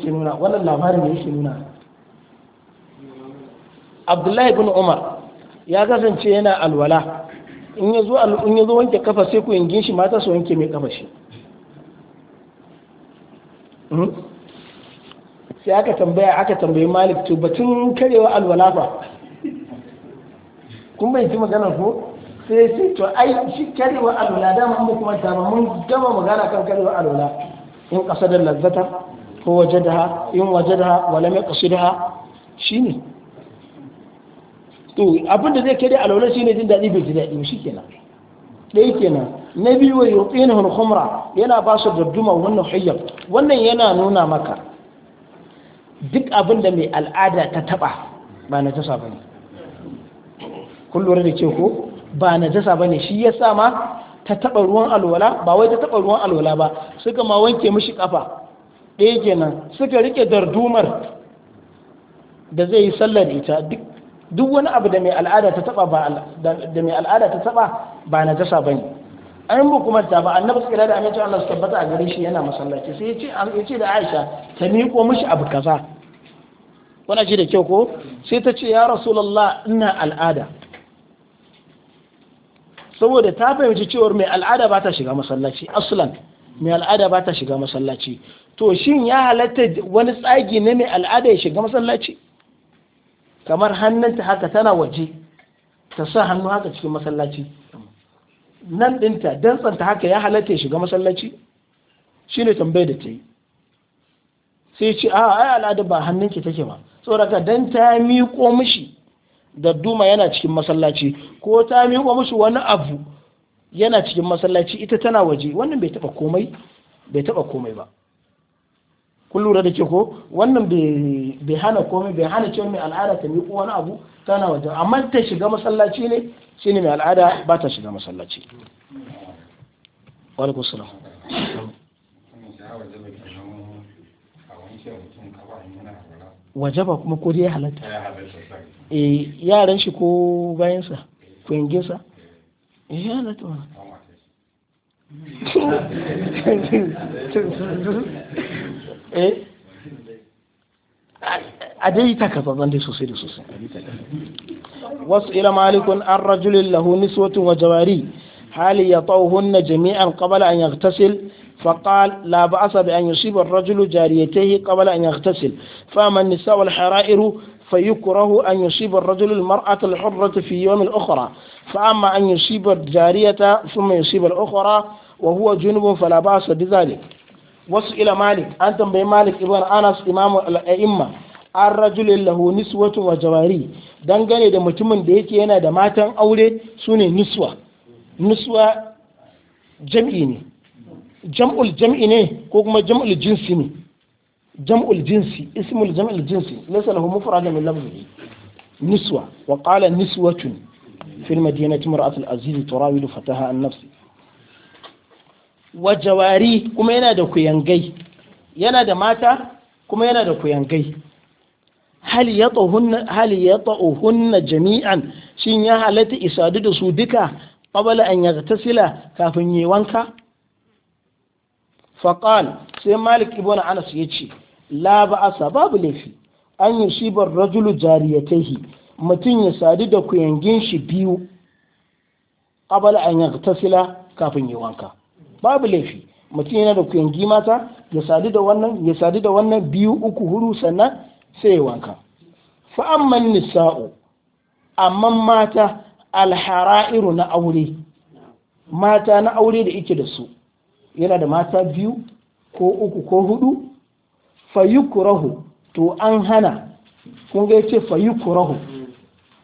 nuna wannan labarin da yake nuna Abdullahi bin Umar ya kasance yana alwala in ya zo ya zo wanke kafa sai ku yingin shi mata su wanke mai kafa shi hmm? sai aka tambaya aka tambayi malik to batun karewa alwala fa kun bai ji magana ko sai sai to ai shi karewa alwala dama mu kuma ta mun gama magana kan karewa alwala in kasadar lazzata ko wajadaha in wajadaha wala mai kasidha shine to abin da zai kare alwala shine jin daɗi bai ji daɗi shi kenan ɗaya kenan na biyu wa yuqinu al-khumra yana ba su dabduma wannan hayyab wannan yana nuna maka duk abin da mai al'ada ta taba ba na jasa bane kun lura da ce ko ba na jasa bane shi yasa ma ta taba ruwan alwala ba wai ta taba ruwan alwala ba suka ma wanke mishi kafa ɗaya kenan suka rike dardumar da zai yi sallar ita duk duk wani abu da mai al'ada ta taba ba da mai al'ada ta taba ba na jasa bane an mu kuma ta ba annabi sallallahu da amince Allah subhanahu tabbata a gare shi yana masallaci sai ya ce da Aisha ta miƙo mishi abu kaza wannan ji da kyau ko sai ta ce ya rasulullah ina al'ada saboda ta fahimci cewar mai al'ada ba ta shiga masallaci aslan mai al'ada ba ta shiga masallaci to shin ya halatta wani tsagi na mai al'ada ya shiga masallaci kamar hannunta haka tana waje ta sa hannu haka cikin masallaci nan ɗinta dantsanta haka ya halatta ya shiga masallaci shi ne tambayar da ta yi sai ce a ai al'ada ba hannunki take ba saboda dan ta miƙo mishi da duma yana cikin masallaci ko ta miƙo mishi wani abu yana cikin masallaci ita tana waje wannan bai taɓa komai bai taɓa komai ba kun lura da ke ko wannan bai hana komai bai hana cewa mai al'ada ta miƙo wani abu tana wajen amma ta shiga masallaci ne shi ne mai al'ada ba ta shiga masallaci walekun Waje wajaba kuma ko dai halatta eh yaran shi ko bayansa ko sa eh, ya halatta wannan eh a dai ta kafa ban dai sosai da sosai wasu ila malikun an rajulin lahu niswatun wa فقال لا بأس بأن يصيب الرجل جاريته قبل أن يغتسل فأما النساء والحرائر فيكره أن يصيب الرجل المرأة الحرة في يوم الأخرى فأما أن يصيب الجارية ثم يصيب الأخرى وهو جنب فلا بأس بذلك wasu ila malik an tambayi malik ibn anas imamu al'a'imma an rajulun lahu niswatun wa jawari dangane da mutumin da yake yana da matan aure su ne niswa niswa jam'i ne jam'ul jam'i ne ko kuma jam'ul jinsi ne jam'ul jinsi ismul jam'ul jinsi laysa lahu mufradun min lafzihi niswa wa qala niswatun في المدينة امرأة العزيز تراود fataha An-nafsi. wa jawari kuma yana da kuyangai yana da mata kuma yana da kuyangai hal ya hunna jami'an shin ya halatta isadu da su duka ƙabala an sila kafin yi wanka faƙal sai malik ibn anas ce laba Asa babu laifi an shi ar-rajulu jariyatayhi mutum ya sadu da kuyangin shi biyu ƙabala an sila kafin yi wanka babu laifi mutum yana da kuyangi mata ya sadu da wannan ya sadu da wannan biyu uku huru sannan sai ya wanka fa amman nisa'u amma mata alhara'iru na aure mata na aure da yake da su yana da mata biyu ko uku ko hudu fa yukrahu to an hana kun ga yace fa yukrahu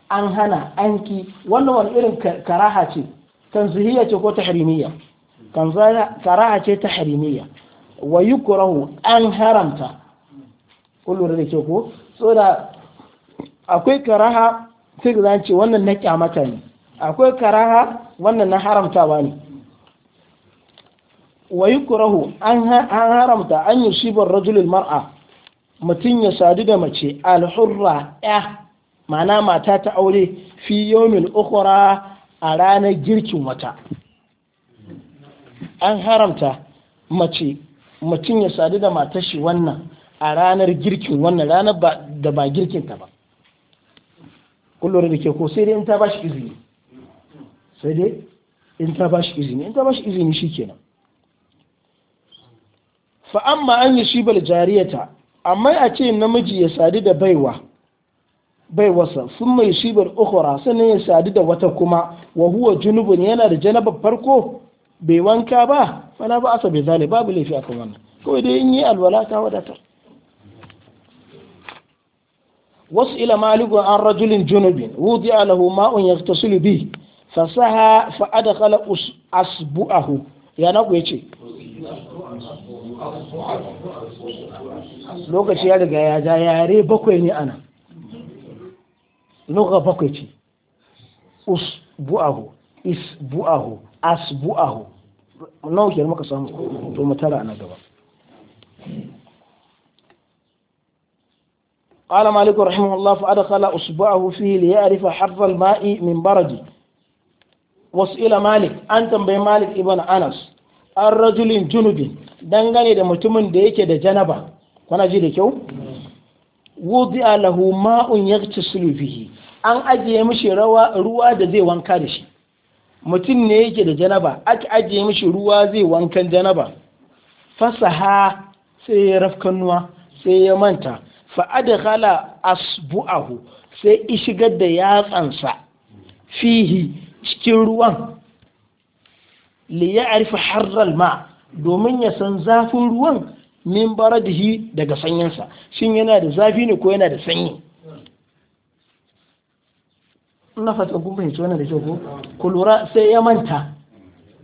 an hana anki wannan wani irin karaha ce tanzihiyya ce ko tahrimiyya kan kara'a ce ta harimiyya wa yukrahu an haramta kullum da ke ko so da akwai karaha sai ga ce wannan na kyamata ne akwai karaha wannan na haramtawa ne wa yukrahu an haramta an yusibar rajulul mar'a mutum ya sadu da mace alhurra ya ma'ana mata ta aure fi yawmin ukhra a ranar girkin wata an haramta mace mutum ya sadu da matar shi wannan a ranar girkin wannan ranar da ba girkin ta ba kullum da ke ko sai dai in ta ba shi izini sai dai in ta ba shi izini in ta ba shi izini shikenan fa amma an yi shibal jariyata amma a ce namiji ya sadu da baiwa baiwarsa sun mai shibar ukura sannan ya sadu da wata kuma wa huwa junubun yana da janabar farko bai wanka ba fala ba asa bai zale babu laifi akan wannan kawai dai in yi alwala ta wadatar wasu ila maliku an rajulin junubin wudi alahu ma'un ya tasulu bi fasaha fa adkhala asbu'ahu ya na ku yace lokaci ya riga ya ja yare bakwai ne ana lokaci bakwai ce usbu'ahu isbu'ahu asbu'ahu Nan a ke yadda muka samu, to mu ta gaba. Ƙa'ila Malikua rahim Allah fa'adda ƙala usbu'a hufihila ya ari fa hadzal ma'i min baraji. Wasu ila Malik, an tambayi Malik Iban Anas, an ra junubin, dangane da mutumin da yake da janaba, ku na ji da kyau? Wuzi Allahuma un yafki sulufihi? An ajiye mishi shi ruwa da zai wanka da shi. mutum ne yake da janaba aka ajiye mishi ruwa zai wankan janaba fasaha sai ya rafkanuwa sai ya manta fa'adakala asbu'ahu sai ishigar da yatsansa fihi cikin ruwan liya arfi harral ma domin ya san zafin ruwan min baradihi daga sanyinsa shin yana da zafi ne ko yana da sanyi ina fata kun fahimci wannan da kyau ko ku lura sai ya manta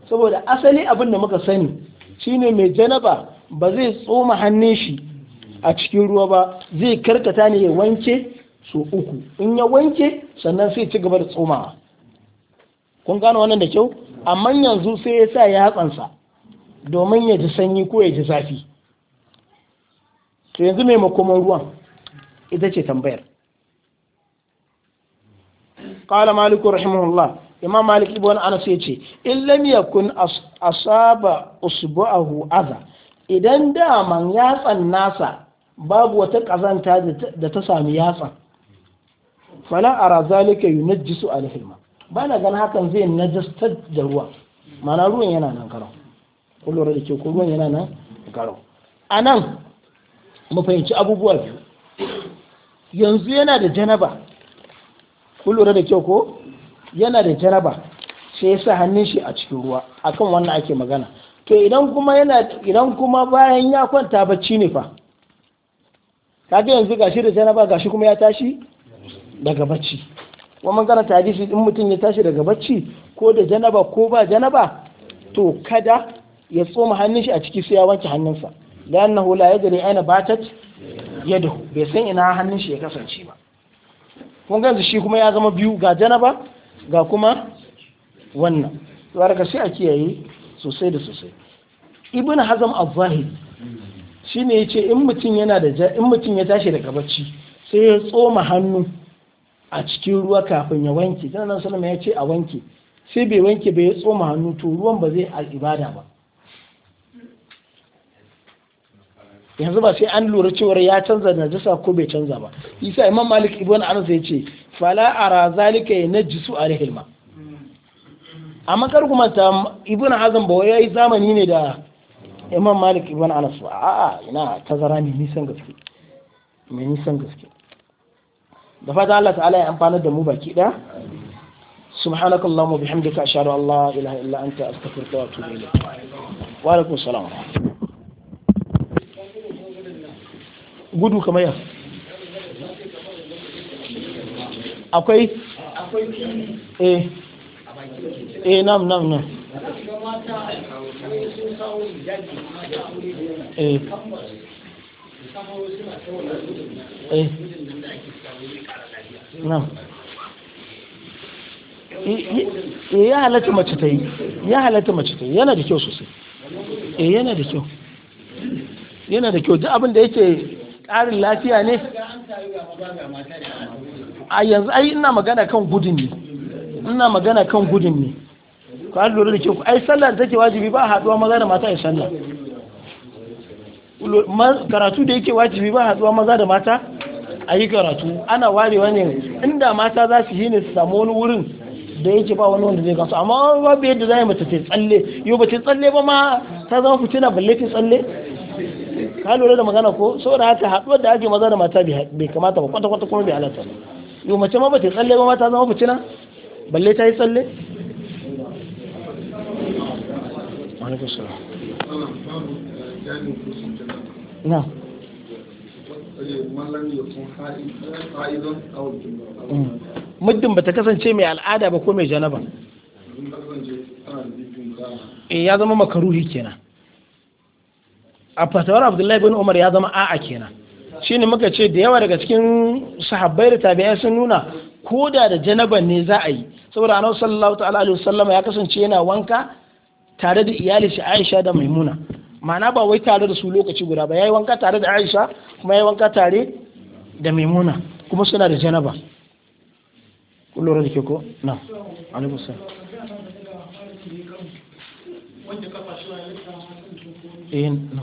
saboda asali abin da muka sani shine mai janaba ba zai tsoma hannun shi a cikin ruwa ba zai karkata ne ya wanke su uku in ya wanke sannan sai ci gaba da tsomawa kun gano wannan da kyau amma yanzu sai ya sa ya hatsansa domin ya ji sanyi ko ya ji zafi to yanzu mai makoman ruwan ita ce tambayar qala malik rahimahullah imam malik ibn anas yace in lam yakun asaba usbu'ahu aza idan daman yatsan nasa babu wata kazanta da ta sami yatsan fala ara zalika yunajjisu alhilma ba na ganin hakan zai najastar da ruwa mana ruwan yana nan karau kullum da ke ko yana nan karau a nan mu fahimci abubuwa biyu yanzu yana da janaba kun lura da kyau ko yana da janaba sai ya sa hannun shi a cikin ruwa akan wannan ake magana to idan kuma yana idan kuma bayan ya kwanta bacci ne fa kaga yanzu gashi da janaba gashi kuma ya tashi daga bacci kuma magana ta hadisi in mutum ya tashi daga bacci ko da janaba ko ba janaba to kada ya tsoma hannun shi a ciki sai ya wanke hannunsa da annahu la dare aina batat yadahu bai san ina hannun shi ya kasance ba kun ganzu shi kuma ya zama biyu ga janaba ga kuma wannan tsawarka sai a kiyaye sosai da sosai ibn hazam al shi shine yace in mutum yana da in mutum ya tashi daga bacci sai ya tsoma hannu a cikin ruwa kafin ya wanke dan nan sallama yace a wanke sai bai wanke bai ya tsoma hannu to ruwan ba zai al ibada ba yanzu ba sai an lura cewar ya canza najasa ko bai canza ba isa imam malik ibn anas ya ce fala ara zalika yanjisu su ma amma kar kuma ta ibn hazm ba yayi zamani ne da imam malik ibn anas ba a'a ina tazara ne nisan gaske mai nisan gaske da fata Allah ta'ala ya amfana da mu baki da سبحانك اللهم وبحمدك أشهد أن لا إله إلا أنت أستغفرك وأتوب إليك وعليكم السلام ورحمة الله gudu kamar ya akwai eh eh nam nam eh. Eh. nam eh eh ya halatta mace ta yi ya halatta mace ta yi yana da kyau sosai eh yana da kyau yana da kyau duk abin da yake ƙarin lafiya ne a yanzu ai ina magana kan gudun ne ina magana kan gudun ne ku an lura da ke ai sallah da take wajibi ba haɗuwa maza da mata ya sallah karatu da yake wajibi ba haɗuwa maza da mata a yi karatu ana warewa ne inda mata za su yi ne su samu wani wurin da yake ba wani wanda zai gansu amma babu yadda za yi mace ta tsalle yau ba tsalle ba ma ta zama fitina balle tsalle ka lura da magana ko saboda haka haɗuwar da ake maza da mata bai kamata ba kwata kwata kuma bai halatta ba yau mace ma bata tsalle ba mata ta zama fitina balle ta yi tsalle na mm. muddin ta kasance mai al'ada ba ko mai janaba eh, ya zama makaruhi kenan a fatawar abdullahi bin umar ya zama a'a kenan shine muka ce da yawa daga cikin sahabbai da tabi'ai sun nuna ko da da janaban ne za a yi saboda annabi sallallahu ta'ala alaihi wasallam ya kasance yana wanka tare da iyali shi Aisha da Maimuna ma'ana ba wai tare da su lokaci guda ba yayi wanka tare da Aisha kuma yayi wanka tare da Maimuna kuma suna da janaba kullura da ko na alaikum salam eh no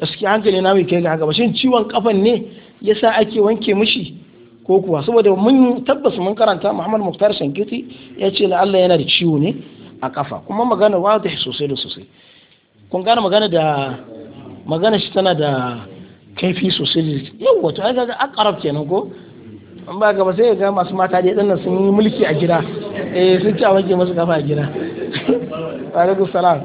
gaskiya hankali na mai kai ga haka ba shin ciwon kafan ne yasa ake wanke mishi ko kuwa saboda mun tabbas mun karanta Muhammad Muktar Shankiti ya ce la Allah yana da ciwo ne a kafa kuma magana wadih sosai da sosai kun gane magana da magana shi tana da kaifi sosai da yau wato ai ga akarab kenan ko an ba gaba sai ga masu mata da dan sun yi mulki a gida eh sun ci a wanke musu kafa a gida alaikum salam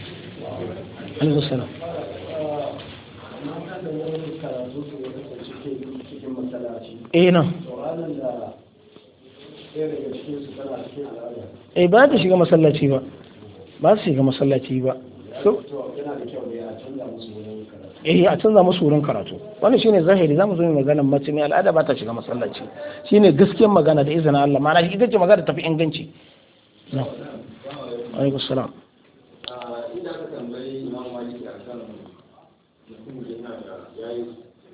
alaihi salam eh nan eh ba ta shiga masallaci ba ba su shiga masallaci ba eh a canza musu wurin karatu wannan shine zahiri zamu zo mu magana mace mai al'ada ba ta shiga masallaci shine gaskiyar magana da izinin Allah ma'ana ita ce magana tafi inganci na alaikum salam ka ah, tambayi yi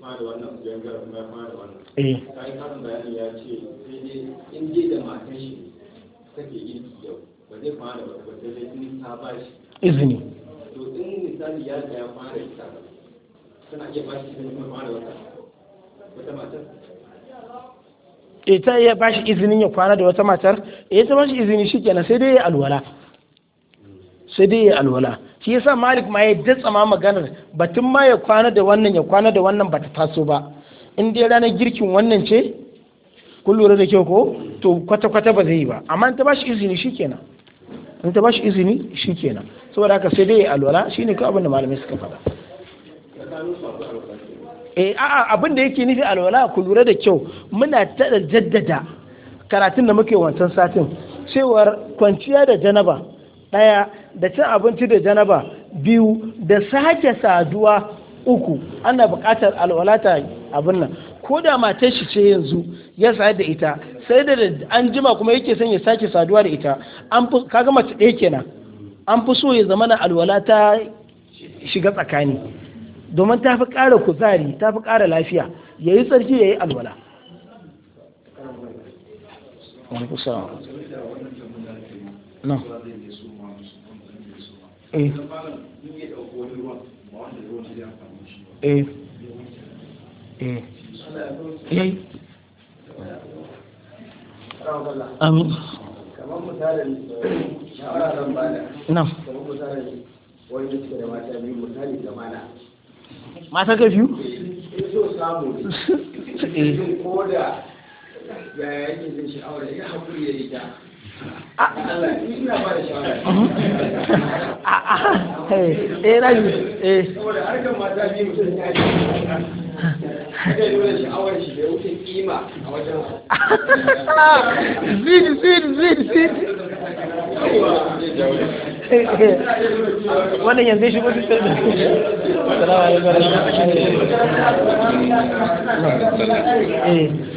ma wannan jangar ma da wannan eh kai kan bayani ya ce sai dai in je da matan shi take yi yau ba zai fara ba ba sai in ta ba shi izini to in misali ya ga ya fara ita tana iya ba shi izini kuma fara wata wata matar ita eh, iya ba shi izinin ya kwana da wata matar ya eh, ta ba shi izini shi kenan sai dai ya alwala sai dai ya alwala shi yasa malik ma ya datsa ma maganar batun ma ya kwana da wannan ya kwana da wannan bata taso ba in dai ranar girkin wannan ce kun lura da kyau ko to kwata kwata ba zai yi ba amma in ta bashi izini shikenan in ta bashi izini shikenan saboda haka sai dai alwala shine kawai abin da malamai suka faɗa eh a'a abin da yake nufi alwala ku lura da kyau muna tada jaddada karatun da muke wancan satin cewar kwanciya da janaba ɗaya da cin abinci da janaba biyu da sake saduwa uku ana buƙatar alwalata abin nan ko da matar shi ce yanzu ya sayar da ita sai da an jima kuma yake son ya sake saduwa da ita an fi kaga mace ɗaya kenan an fi so ya zama na alwala ta shiga tsakani domin ta fi ƙara kuzari ta fi ƙara lafiya ya yi tsarki ya yi alwala Eh. Eh. Eh. mata ka fiye ko da yayin yake zai ya haƙuri ya yi ta eh rabi eh ya yi shi a wannan yanzu shi sai da